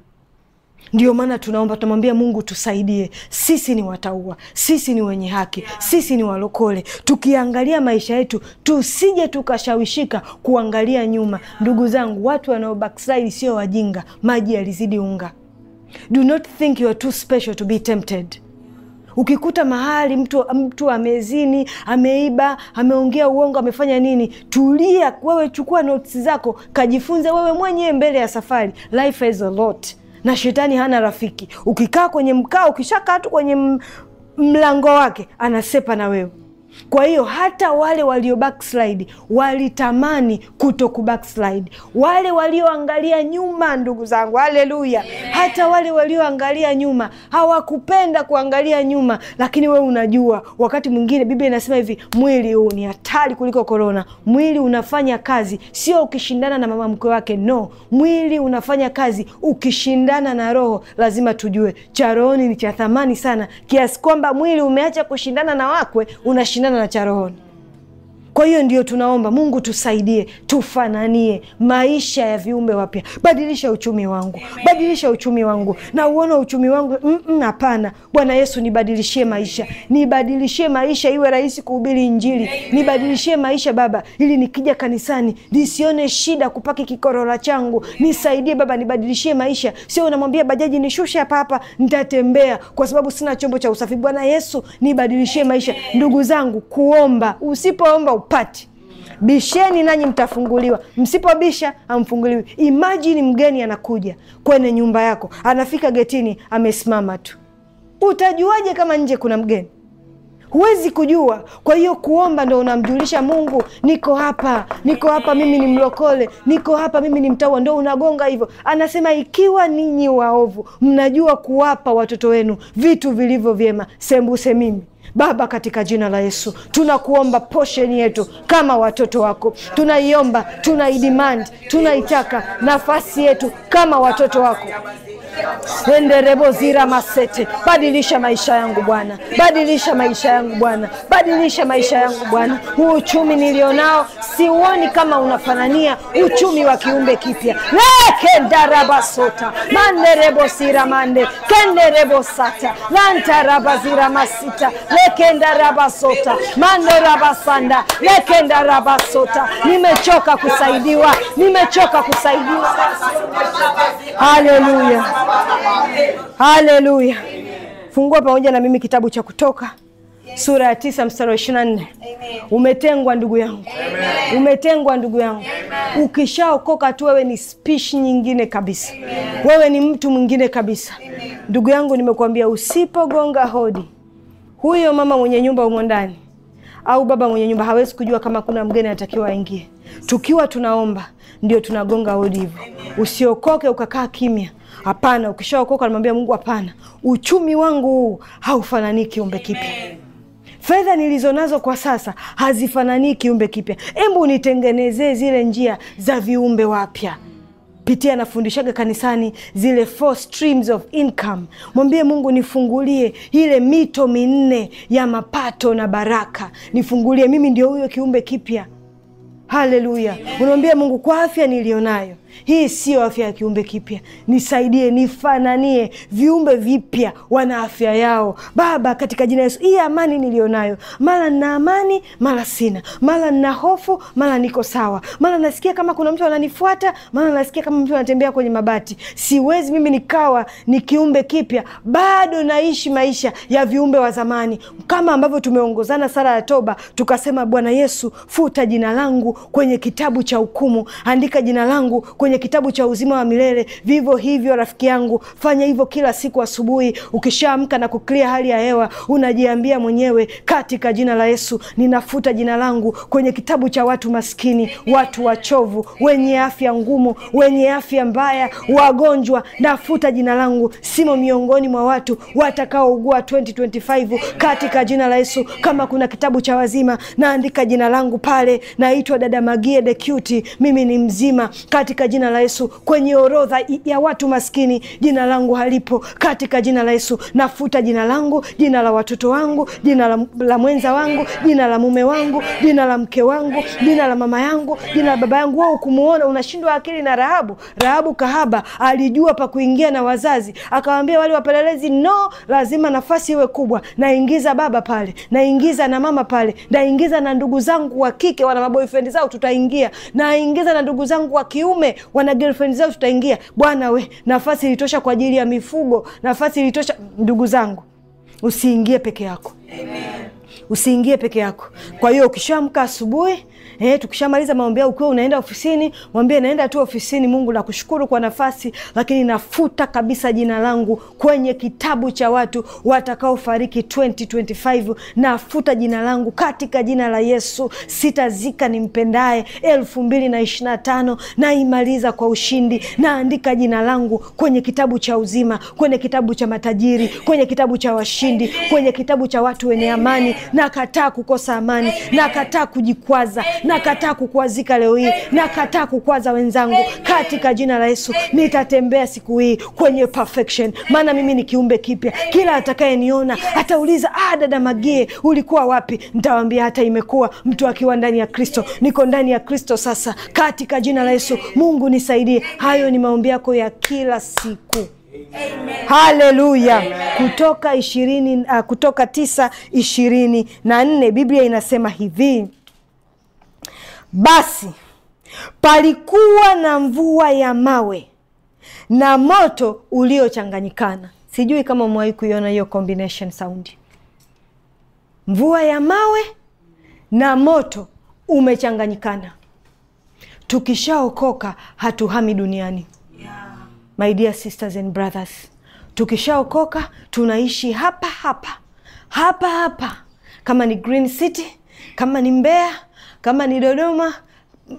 Ndio maana tunaomba, tunamwambia Mungu tusaidie, sisi ni wataua, sisi ni wenye haki, sisi ni walokole. Tukiangalia maisha yetu, tusije tukashawishika kuangalia nyuma. Ndugu zangu, watu wanaobackslide sio wajinga, maji yalizidi unga. Do not think you are too special to be tempted. Ukikuta mahali mtu, mtu amezini, ameiba, ameongea uongo, amefanya nini, tulia wewe, chukua notes zako, kajifunze wewe mwenyewe mbele ya safari. Life is a lot na shetani hana rafiki. Ukikaa kwenye mkaa, ukishakaa tu kwenye mlango wake, anasepa na wewe. Kwa hiyo hata wale walio backslide walitamani kuto ku backslide. Wale walioangalia nyuma, ndugu zangu, haleluya, hata wale walioangalia nyuma hawakupenda kuangalia nyuma, lakini we unajua, wakati mwingine Biblia inasema hivi, mwili huu ni hatari kuliko korona. Mwili unafanya kazi, sio ukishindana na mama mkwe wake, no, mwili unafanya kazi ukishindana na roho. Lazima tujue cha rohoni ni cha thamani sana, kiasi kwamba mwili umeacha kushindana na wakwe, unashindana na na charohon Kwa hiyo ndio tunaomba Mungu, tusaidie tufananie maisha ya viumbe wapya. Badilisha uchumi wangu, badilisha uchumi wangu na uona uchumi wangu. Mm, mm, hapana, Bwana Yesu, nibadilishie maisha, nibadilishie maisha, iwe rahisi kuhubiri Injili, nibadilishie maisha Baba, ili nikija kanisani nisione shida kupaki kikorola changu. Nisaidie Baba, nibadilishie maisha, sio unamwambia bajaji nishushe hapa hapa, nitatembea kwa sababu sina chombo cha usafiri. Bwana Yesu, nibadilishie maisha. Ndugu zangu, kuomba, usipoomba pati bisheni nanyi mtafunguliwa, msipobisha amfunguliwi. Imajini mgeni anakuja kwene nyumba yako, anafika getini amesimama tu, utajuaje kama nje kuna mgeni? Huwezi kujua. Kwa hiyo kuomba ndo unamjulisha Mungu, niko hapa, niko hapa, mimi ni mlokole, niko hapa, mimi ni mtaua Ndo unagonga hivyo. Anasema, ikiwa ninyi waovu mnajua kuwapa watoto wenu vitu vilivyo vyema, sembuse mimi Baba, katika jina la Yesu tunakuomba posheni yetu kama watoto wako, tunaiomba, tunaidimandi, tunaitaka nafasi yetu kama watoto wako enderebo zira masete. Badilisha maisha yangu Bwana, badilisha maisha yangu Bwana, badilisha maisha yangu Bwana. Huu uchumi nilionao siuoni kama unafanania uchumi wa kiumbe kipya. lekendarabasota manderebo sira mande kenderebo sata lantaraba zira masita lekendarabasota manderabasanda lekendarabasota. Nimechoka kusaidiwa, nimechoka kusaidiwa. Haleluya. Haleluya! Fungua pamoja na mimi kitabu cha Kutoka sura ya tisa mstari wa ishirini na nne. Umetengwa ndugu yangu, Amen. Umetengwa ndugu yangu, ukishaokoka tu wewe ni spishi nyingine kabisa, Amen. Wewe ni mtu mwingine kabisa, Amen. Ndugu yangu, nimekuambia usipogonga hodi, huyo mama mwenye nyumba humo ndani au baba mwenye nyumba hawezi kujua kama kuna mgeni anatakiwa aingie. Tukiwa tunaomba ndio tunagonga hodi hivyo. Usiokoke ukakaa kimya Hapana, ukishaokoka unamwambia Mungu hapana, uchumi wangu huu haufanani kiumbe kipya fedha nilizonazo kwa sasa hazifanani kiumbe kipya. Hebu nitengenezee zile njia za viumbe wapya. Pitia nafundishaga kanisani zile four streams of income. Mwambie Mungu, nifungulie ile mito minne ya mapato na baraka, nifungulie mimi, ndio huyo kiumbe kipya. Haleluya! Unamwambia Mungu kwa afya niliyonayo hii sio afya ya kiumbe kipya. Nisaidie, nifananie viumbe vipya, wana afya yao Baba, katika jina Yesu. Hii amani niliyonayo, mara nina amani, mara sina, mara nina hofu, mara niko sawa, mara nasikia kama kuna mtu ananifuata, mara nasikia kama mtu anatembea kwenye mabati. Siwezi mimi nikawa ni kiumbe kipya, bado naishi maisha ya viumbe wa zamani, kama ambavyo tumeongozana sala ya toba, tukasema Bwana Yesu, futa jina langu kwenye kitabu cha hukumu, andika jina langu kwenye kwenye kitabu cha uzima wa milele. Vivyo hivyo, rafiki yangu, fanya hivyo kila siku asubuhi. Ukishaamka na kuklia hali ya hewa, unajiambia mwenyewe, katika jina la Yesu ninafuta jina langu kwenye kitabu cha watu maskini, watu wachovu, wenye afya ngumu, wenye afya mbaya, wagonjwa. Nafuta jina langu, simo miongoni mwa watu watakaougua 2025 katika jina la Yesu. Kama kuna kitabu cha wazima, naandika jina langu pale. Naitwa dada Magie Cute, mimi ni mzima katika jina la Yesu, kwenye orodha ya watu maskini jina langu halipo. Katika jina la Yesu nafuta jina langu, jina la watoto wangu, jina la, la mwenza wangu, jina la mume wangu, jina la mke wangu, jina la mama yangu, jina la baba yangu. Wao kumuona unashindwa akili. Na Rahabu, Rahabu kahaba alijua pa kuingia na wazazi, akawaambia wale wapelelezi, no, lazima nafasi iwe kubwa, naingiza baba pale, naingiza na mama pale, naingiza na ndugu zangu wa kike, wana maboyfriend zao, tutaingia naingiza na ndugu zangu wa kiume wana girlfriend zao, tutaingia bwana we, nafasi ilitosha kwa ajili ya mifugo, nafasi ilitosha. Ndugu zangu, usiingie peke yako, usiingie peke yako. Kwa hiyo ukishaamka asubuhi eh, tukishamaliza maombi yao, ukiwa unaenda ofisini, mwambie naenda tu ofisini. Mungu nakushukuru kwa nafasi, lakini nafuta kabisa jina langu kwenye kitabu cha watu watakaofariki 2025 nafuta jina langu katika jina la Yesu. Sitazika nimpendaye elfu mbili na ishirina tano naimaliza kwa ushindi. Naandika jina langu kwenye kitabu cha uzima, kwenye kitabu cha matajiri, kwenye kitabu cha washindi, kwenye kitabu cha watu wenye amani. Nakataa kukosa amani, nakataa kujikwaza Nakataa kukuazika leo hii, nakataa kukwaza wenzangu katika jina la Yesu. Nitatembea siku hii kwenye perfection, maana mimi ni kiumbe kipya. Kila atakayeniona atauliza, ah, dada Magie ulikuwa wapi? ntawambia hata imekuwa mtu akiwa ndani ya Kristo. Niko ndani ya Kristo sasa, katika jina la Yesu. Mungu nisaidie. Hayo ni maombi yako ya kila siku. Haleluya! Kutoka ishirini, uh, Kutoka tisa ishirini na nne Biblia inasema hivi basi palikuwa na mvua ya mawe na moto uliochanganyikana. Sijui kama umewahi kuiona hiyo combination sound, mvua ya mawe na moto umechanganyikana. Tukishaokoka hatuhami duniani, yeah. My dear sisters and brothers, tukishaokoka tunaishi hapa hapa hapa hapa, kama ni Green City, kama ni Mbeya kama ni Dodoma,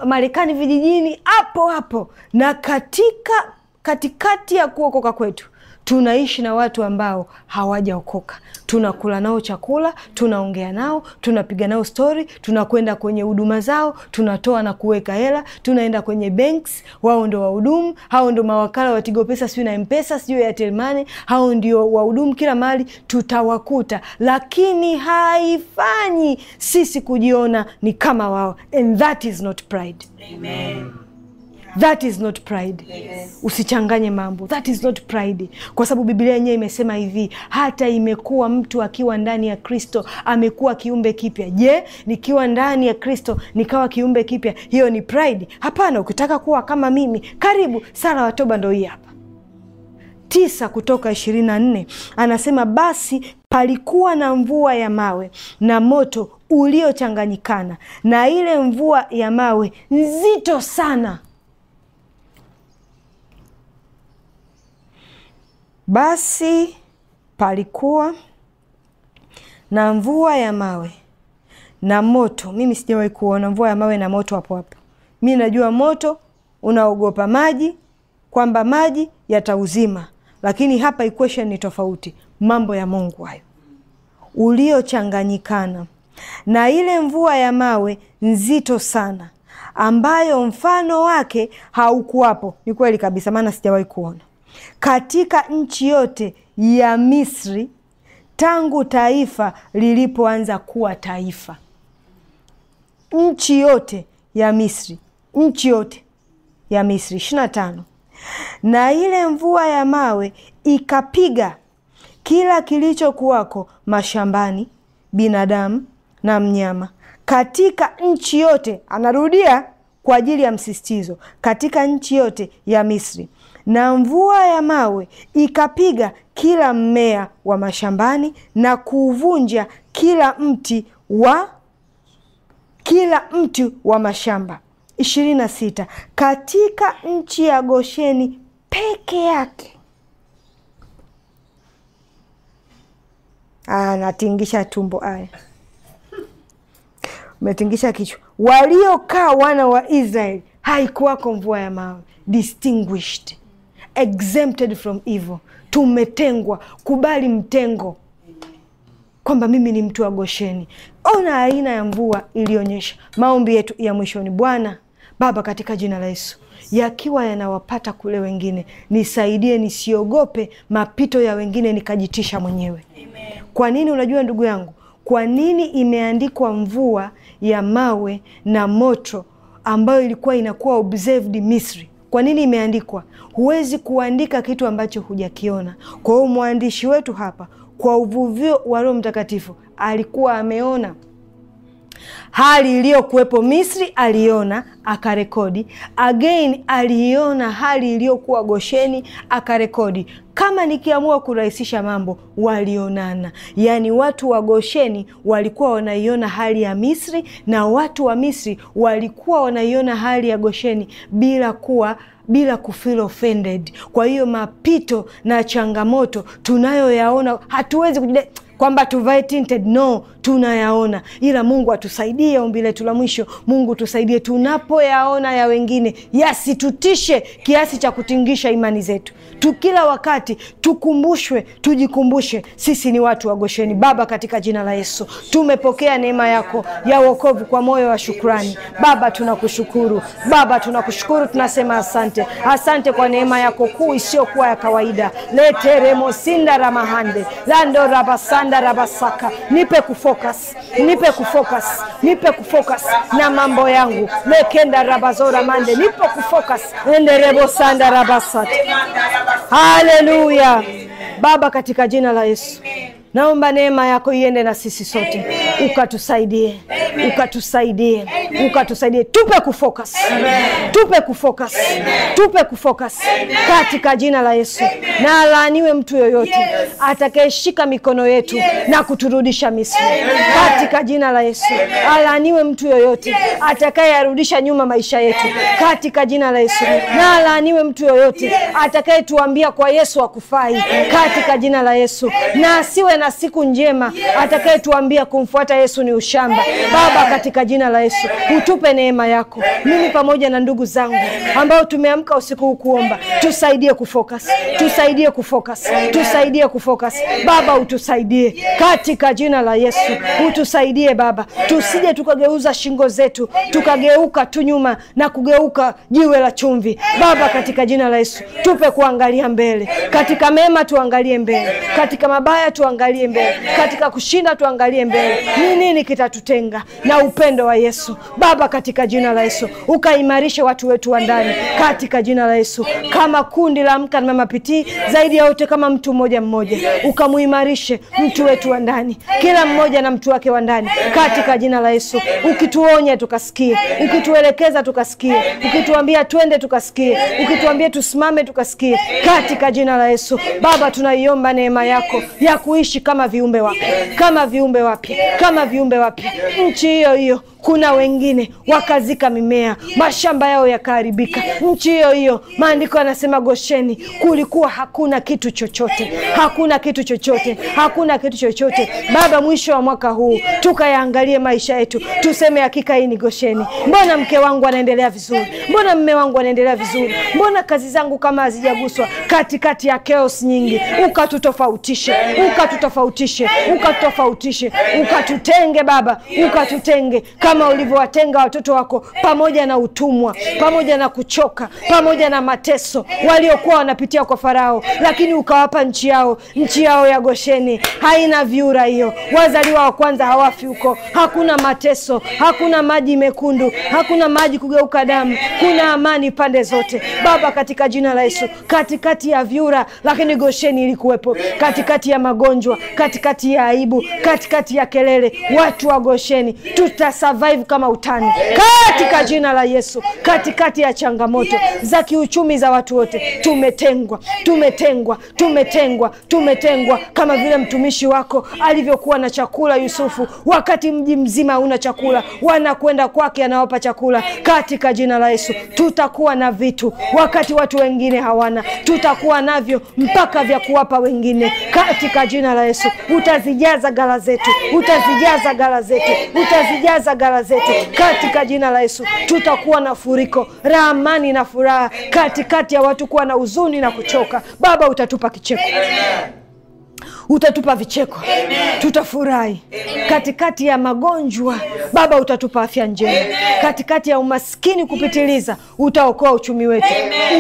Marekani vijijini, hapo hapo na katika katikati ya kuokoka kwetu tunaishi na watu ambao hawajaokoka, tunakula nao chakula, tunaongea nao, tunapiga nao stori, tunakwenda kwenye huduma zao, tunatoa na kuweka hela, tunaenda kwenye banks, wao ndo wahudumu, hao ndo mawakala wa Tigo Pesa sijui na mpesa sijuu sijui Airtel hao ndio wahudumu, kila mahali tutawakuta, lakini haifanyi sisi kujiona ni kama wao, and that is not pride. Amen. That is not pride. Yes. Usichanganye mambo. That is not pride. Kwa sababu Biblia yenyewe imesema hivi, hata imekuwa mtu akiwa ndani ya Kristo amekuwa kiumbe kipya. Je, nikiwa ndani ya Kristo nikawa kiumbe kipya, hiyo ni pride? Hapana, ukitaka kuwa kama mimi, karibu sala watoba ndo hii hapa. Tisa kutoka ishirini na nne anasema basi palikuwa na mvua ya mawe na moto uliochanganyikana na ile mvua ya mawe nzito sana Basi palikuwa na mvua ya mawe na moto. Mimi sijawahi kuona mvua ya mawe na moto hapo hapo. Mi najua moto unaogopa maji, kwamba maji yatauzima, lakini hapa equation ni tofauti. Mambo ya Mungu hayo, uliochanganyikana na ile mvua ya mawe nzito sana, ambayo mfano wake haukuwapo. Ni kweli kabisa, maana sijawahi kuona katika nchi yote ya Misri tangu taifa lilipoanza kuwa taifa. Nchi yote ya Misri, nchi yote ya Misri. ishirini na tano. Na ile mvua ya mawe ikapiga kila kilichokuwako mashambani, binadamu na mnyama, katika nchi yote. Anarudia kwa ajili ya msisitizo, katika nchi yote ya Misri na mvua ya mawe ikapiga kila mmea wa mashambani na kuuvunja kila mti wa kila mti wa mashamba. ishirini na sita katika nchi ya Gosheni peke yake ah, natingisha tumbo. Aya, umetingisha kichwa. Waliokaa wana wa Israeli haikuwako mvua ya mawe distinguished exempted from evil, tumetengwa. Kubali mtengo kwamba mimi ni mtu wa Gosheni. Ona aina ya mvua iliyonyesha. Maombi yetu ya mwishoni, Bwana Baba, katika jina la Yesu, yakiwa yanawapata kule wengine, nisaidie nisiogope mapito ya wengine nikajitisha mwenyewe. Kwa nini? Unajua ndugu yangu, kwa nini imeandikwa mvua ya mawe na moto ambayo ilikuwa inakuwa observed Misri? Kwa nini imeandikwa? huwezi kuandika kitu ambacho hujakiona. Kwa hiyo mwandishi wetu hapa, kwa uvuvio wa Roho Mtakatifu, alikuwa ameona hali iliyokuwepo Misri aliona akarekodi, again aliiona hali iliyokuwa Gosheni akarekodi. Kama nikiamua kurahisisha mambo, walionana. Yaani watu wa Gosheni walikuwa wanaiona hali ya Misri na watu wa Misri walikuwa wanaiona hali ya Gosheni bila kuwa bila kufeel offended. Kwa hiyo mapito na changamoto tunayoyaona hatuwezi kujidai kwamba tuvae tinted no tunayaona, ila Mungu atusaidie. Ombi letu la mwisho, Mungu tusaidie, tunapoyaona ya wengine yasitutishe kiasi cha kutingisha imani zetu tu. Kila wakati tukumbushwe, tujikumbushe sisi ni watu wa Gosheni. Baba, katika jina la Yesu tumepokea neema yako ya wokovu kwa moyo wa shukrani. Baba tunakushukuru, Baba tunakushukuru, tunasema asante, asante kwa neema yako kuu isiyokuwa ya kawaida. leteremo sinda ramahande lando rabasanda rabasaka nipe kufoka kufocus, nipe kufocus, nipe kufocus na mambo yangu mekenda rabazora mande, nipe kufocus rebo sanda rabasat. Haleluya Baba, katika jina la Yesu. Naomba neema yako iende na sisi sote, ukatusaidie, ukatusaidie, ukatusaidie, tupe kufocus, tupe kufocus, tupe kufocus katika jina la Yesu. Na alaaniwe mtu yoyote yes, atakayeshika mikono yetu yes, na kuturudisha Misri katika jina la Yesu. Alaaniwe mtu yoyote yes, nyuma maisha yetu katika jina la Yesu. Na alaaniwe mtu yoyote yes, atakayetuambia kwa Yesu akufai katika jina la Yesu, na asiwe na siku njema. yes. Atakayetuambia kumfuata Yesu ni ushamba. Amen. Baba, katika jina la Yesu utupe neema yako. Amen. Mimi pamoja na ndugu zangu ambao tumeamka usiku huu kuomba, tusaidie kufocus, tusaidie kufocus, tusaidie kufocus. Baba, utusaidie yes. katika jina la Yesu, Amen. utusaidie Baba, tusije tukageuza shingo zetu Amen. tukageuka tu nyuma na kugeuka jiwe la chumvi. Amen. Baba, katika jina la Yesu tupe kuangalia mbele, Amen. katika mema tuangalie mbele, Amen. katika mabaya tuangalie tuangalie mbele, katika kushinda tuangalie mbele. Ni nini kitatutenga na upendo wa Yesu? Baba, katika jina la Yesu ukaimarishe watu wetu wa ndani, katika jina la Yesu, kama kundi la Amka na Mama Pitii, zaidi ya wote kama mtu mmoja mmoja, ukamuimarishe mtu wetu wa ndani, kila mmoja na mtu wake wa ndani, katika jina la Yesu, ukituonya tukasikie, ukituelekeza tukasikie, ukituambia twende tukasikie, ukituambia tusimame tukasikie, katika jina la Yesu. Baba, tunaiomba neema yako ya kuishi nchi kama viumbe wapya, kama viumbe wapya, kama viumbe wapya, nchi hiyo hiyo kuna wengine wakazika mimea, mashamba yao yakaharibika. Nchi hiyo hiyo, maandiko yanasema Gosheni kulikuwa hakuna kitu chochote, hakuna kitu chochote, hakuna kitu chochote. Baba, mwisho wa mwaka huu tukayaangalie maisha yetu, tuseme hakika hii ni Gosheni. Mbona mke wangu anaendelea vizuri? Mbona mme wangu anaendelea vizuri? Mbona kazi zangu kama hazijaguswa? Katikati ya chaos nyingi, ukatutofautishe, ukatutofautishe, ukatutofautishe, ukatutenge Baba, ukatutenge kama kama ulivyowatenga watoto wako pamoja na utumwa, pamoja na kuchoka, pamoja na mateso waliokuwa wanapitia kwa Farao, lakini ukawapa nchi yao, nchi yao ya Gosheni. Haina vyura hiyo, wazaliwa wa kwanza hawafi huko. Hakuna mateso, hakuna maji mekundu, hakuna maji kugeuka damu, kuna amani pande zote. Baba, katika jina la Yesu, katikati ya vyura, lakini Gosheni ilikuwepo, katikati ya magonjwa, katikati ya aibu, katikati ya kelele, watu wa Gosheni tuta survive kama utani katika jina la Yesu. Katikati ya changamoto za kiuchumi za watu wote, tumetengwa, tumetengwa, tumetengwa, tumetengwa, kama vile mtumishi wako alivyokuwa na chakula Yusufu, wakati mji mzima hauna chakula, wanakwenda kwake, anawapa chakula. Katika jina la Yesu tutakuwa na vitu wakati watu wengine hawana, tutakuwa navyo mpaka vya kuwapa wengine. Katika jina la Yesu utazijaza gala zetu, utazijaza gala zetu, utazijaza gala biashara zetu katika jina la Yesu. Tutakuwa na furiko la amani na furaha katikati ya watu kuwa na huzuni na kuchoka. Baba, utatupa kicheko. Amen utatupa vicheko, tutafurahi katikati ya magonjwa yes. Baba utatupa afya njema katikati ya umaskini kupitiliza Utaokoa uchumi wetu,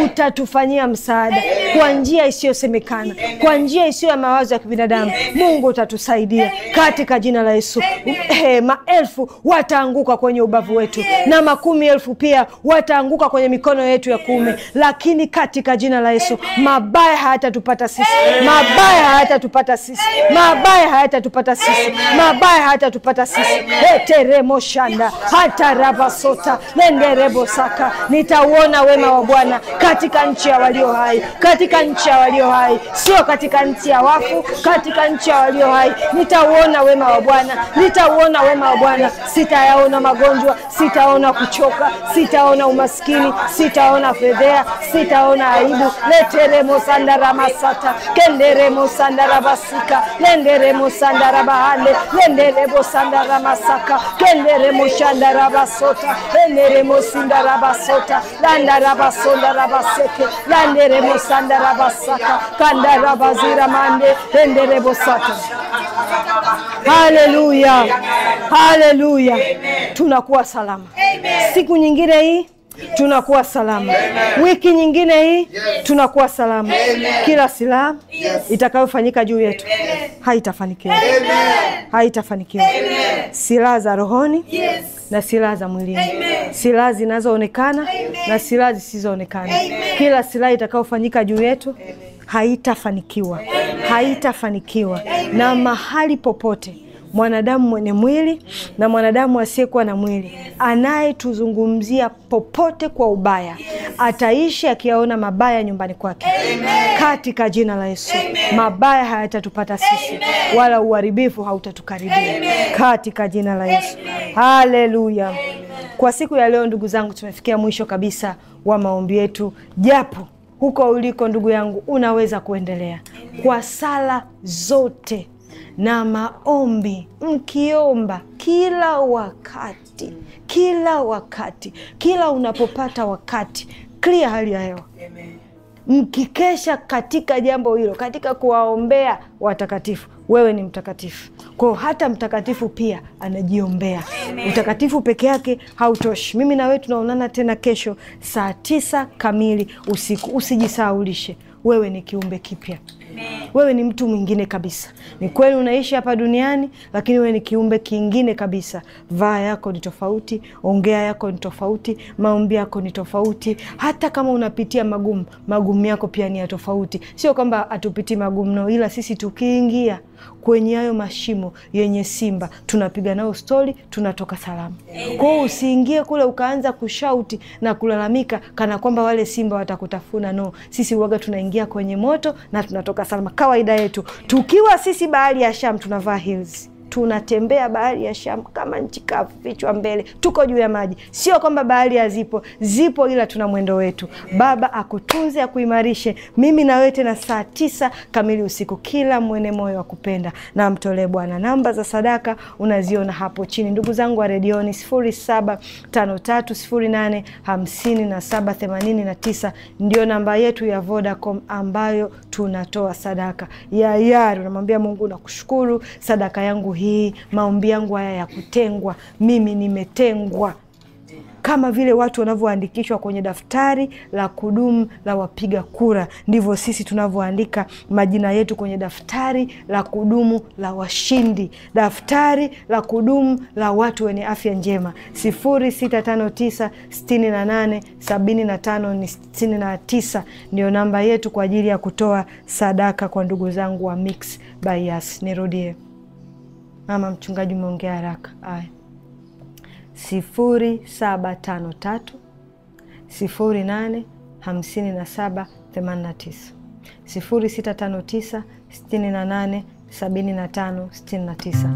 utatufanyia msaada kwa njia isiyosemekana, kwa njia isiyo ya mawazo ya kibinadamu. Mungu utatusaidia katika jina la Yesu. He, maelfu wataanguka kwenye ubavu wetu na makumi elfu pia wataanguka kwenye mikono yetu ya kuume, lakini katika jina la Yesu mabaya hayatatupata sisi, mabaya hayatatupata sisi, mabaya hayatatupata sisi, mabaya hayatatupata sisi. heteremo shanda hata rabasota lenderebo saka, nitauona wema wa Bwana katika nchi ya walio hai, katika nchi ya walio hai, sio katika nchi ya wafu, katika nchi ya walio hai nitauona wema wa Bwana, nitauona wema wa Bwana. Sitayaona magonjwa, sitaona kuchoka, sitaona umaskini, sitaona fedhea, sitaona aibu. leteremo sandaramasata kenderemo sandarabas masika lendere musandara bahande lendere bosandara masaka kendere mushandara basota lendere musindara basota landara basondara baseke landere musandara basaka kandara bazira mande lendere bosata haleluya haleluya tunakuwa salama Amen. siku nyingine hii tunakuwa salama. Amen. Wiki nyingine hii yes. tunakuwa salama. Amen. Kila silaha yes. itakayofanyika juu yetu haitafanikiwa, haitafanikiwa. Silaha za rohoni yes. na silaha za mwilini, silaha zinazoonekana na silaha zisizoonekana, kila silaha itakayofanyika juu yetu haitafanikiwa, haitafanikiwa na mahali popote mwanadamu mwenye mwili na mwanadamu asiyekuwa na mwili, anayetuzungumzia popote kwa ubaya ataishi akiyaona mabaya nyumbani kwake, katika jina la Yesu. Mabaya hayatatupata sisi. Wala uharibifu hautatukaribia katika jina la Yesu. Haleluya! Kwa siku ya leo, ndugu zangu, tumefikia mwisho kabisa wa maombi yetu, japo huko uliko ndugu yangu, unaweza kuendelea kwa sala zote na maombi, mkiomba kila wakati, kila wakati, kila unapopata wakati, clear hali ya hewa, mkikesha katika jambo hilo, katika kuwaombea watakatifu. Wewe ni mtakatifu kwao, hata mtakatifu pia anajiombea. Utakatifu peke yake hautoshi. Mimi na wewe tunaonana tena kesho saa tisa kamili usiku. Usijisaulishe, wewe ni kiumbe kipya wewe ni mtu mwingine kabisa. Ni kweli unaishi hapa duniani, lakini wewe ni kiumbe kingine kabisa. Vaa yako ni tofauti, ongea yako ni tofauti, maombi yako ni tofauti. Hata kama unapitia magumu, magumu yako pia ni ya tofauti. Sio kwamba hatupitii magumu no, ila sisi tukiingia kwenye hayo mashimo yenye simba, tunapiga nayo stori, tunatoka salama. Kwao usiingie kule ukaanza kushauti na kulalamika kana kwamba wale simba watakutafuna. No, sisi uwaga tunaingia kwenye moto na tunatoka salama, kawaida yetu. Tukiwa sisi bahari ya Shamu tunavaa heels tunatembea bahari ya Shamu kama nchi kavu, vichwa mbele, tuko juu ya maji. Sio kwamba bahari hazipo, zipo, ila tuna mwendo wetu. Baba akutunze, akuimarishe mimi na wewe. Tena saa tisa kamili usiku, kila mwene moyo wa kupenda na mtolee Bwana. Namba za sadaka unaziona hapo chini, ndugu zangu wa redioni, sifuri ndio namba yetu ya Vodacom ambayo tunatoa sadaka yayari. Unamwambia Mungu nakushukuru, sadaka yangu hii maombi yangu haya ya kutengwa, mimi nimetengwa kama vile watu wanavyoandikishwa kwenye daftari la kudumu la wapiga kura, ndivyo sisi tunavyoandika majina yetu kwenye daftari la kudumu la washindi, daftari la kudumu la watu wenye afya njema. 0659687569 ndio namba yetu kwa ajili ya kutoa sadaka kwa ndugu zangu wa Mix by Yas. Nirudie mama mchungaji umeongea haraka. Haya, sifuri saba tano tatu sifuri nane hamsini na saba themanini na tisa sifuri sita tano tisa sitini na nane sabini na tano sitini na tisa.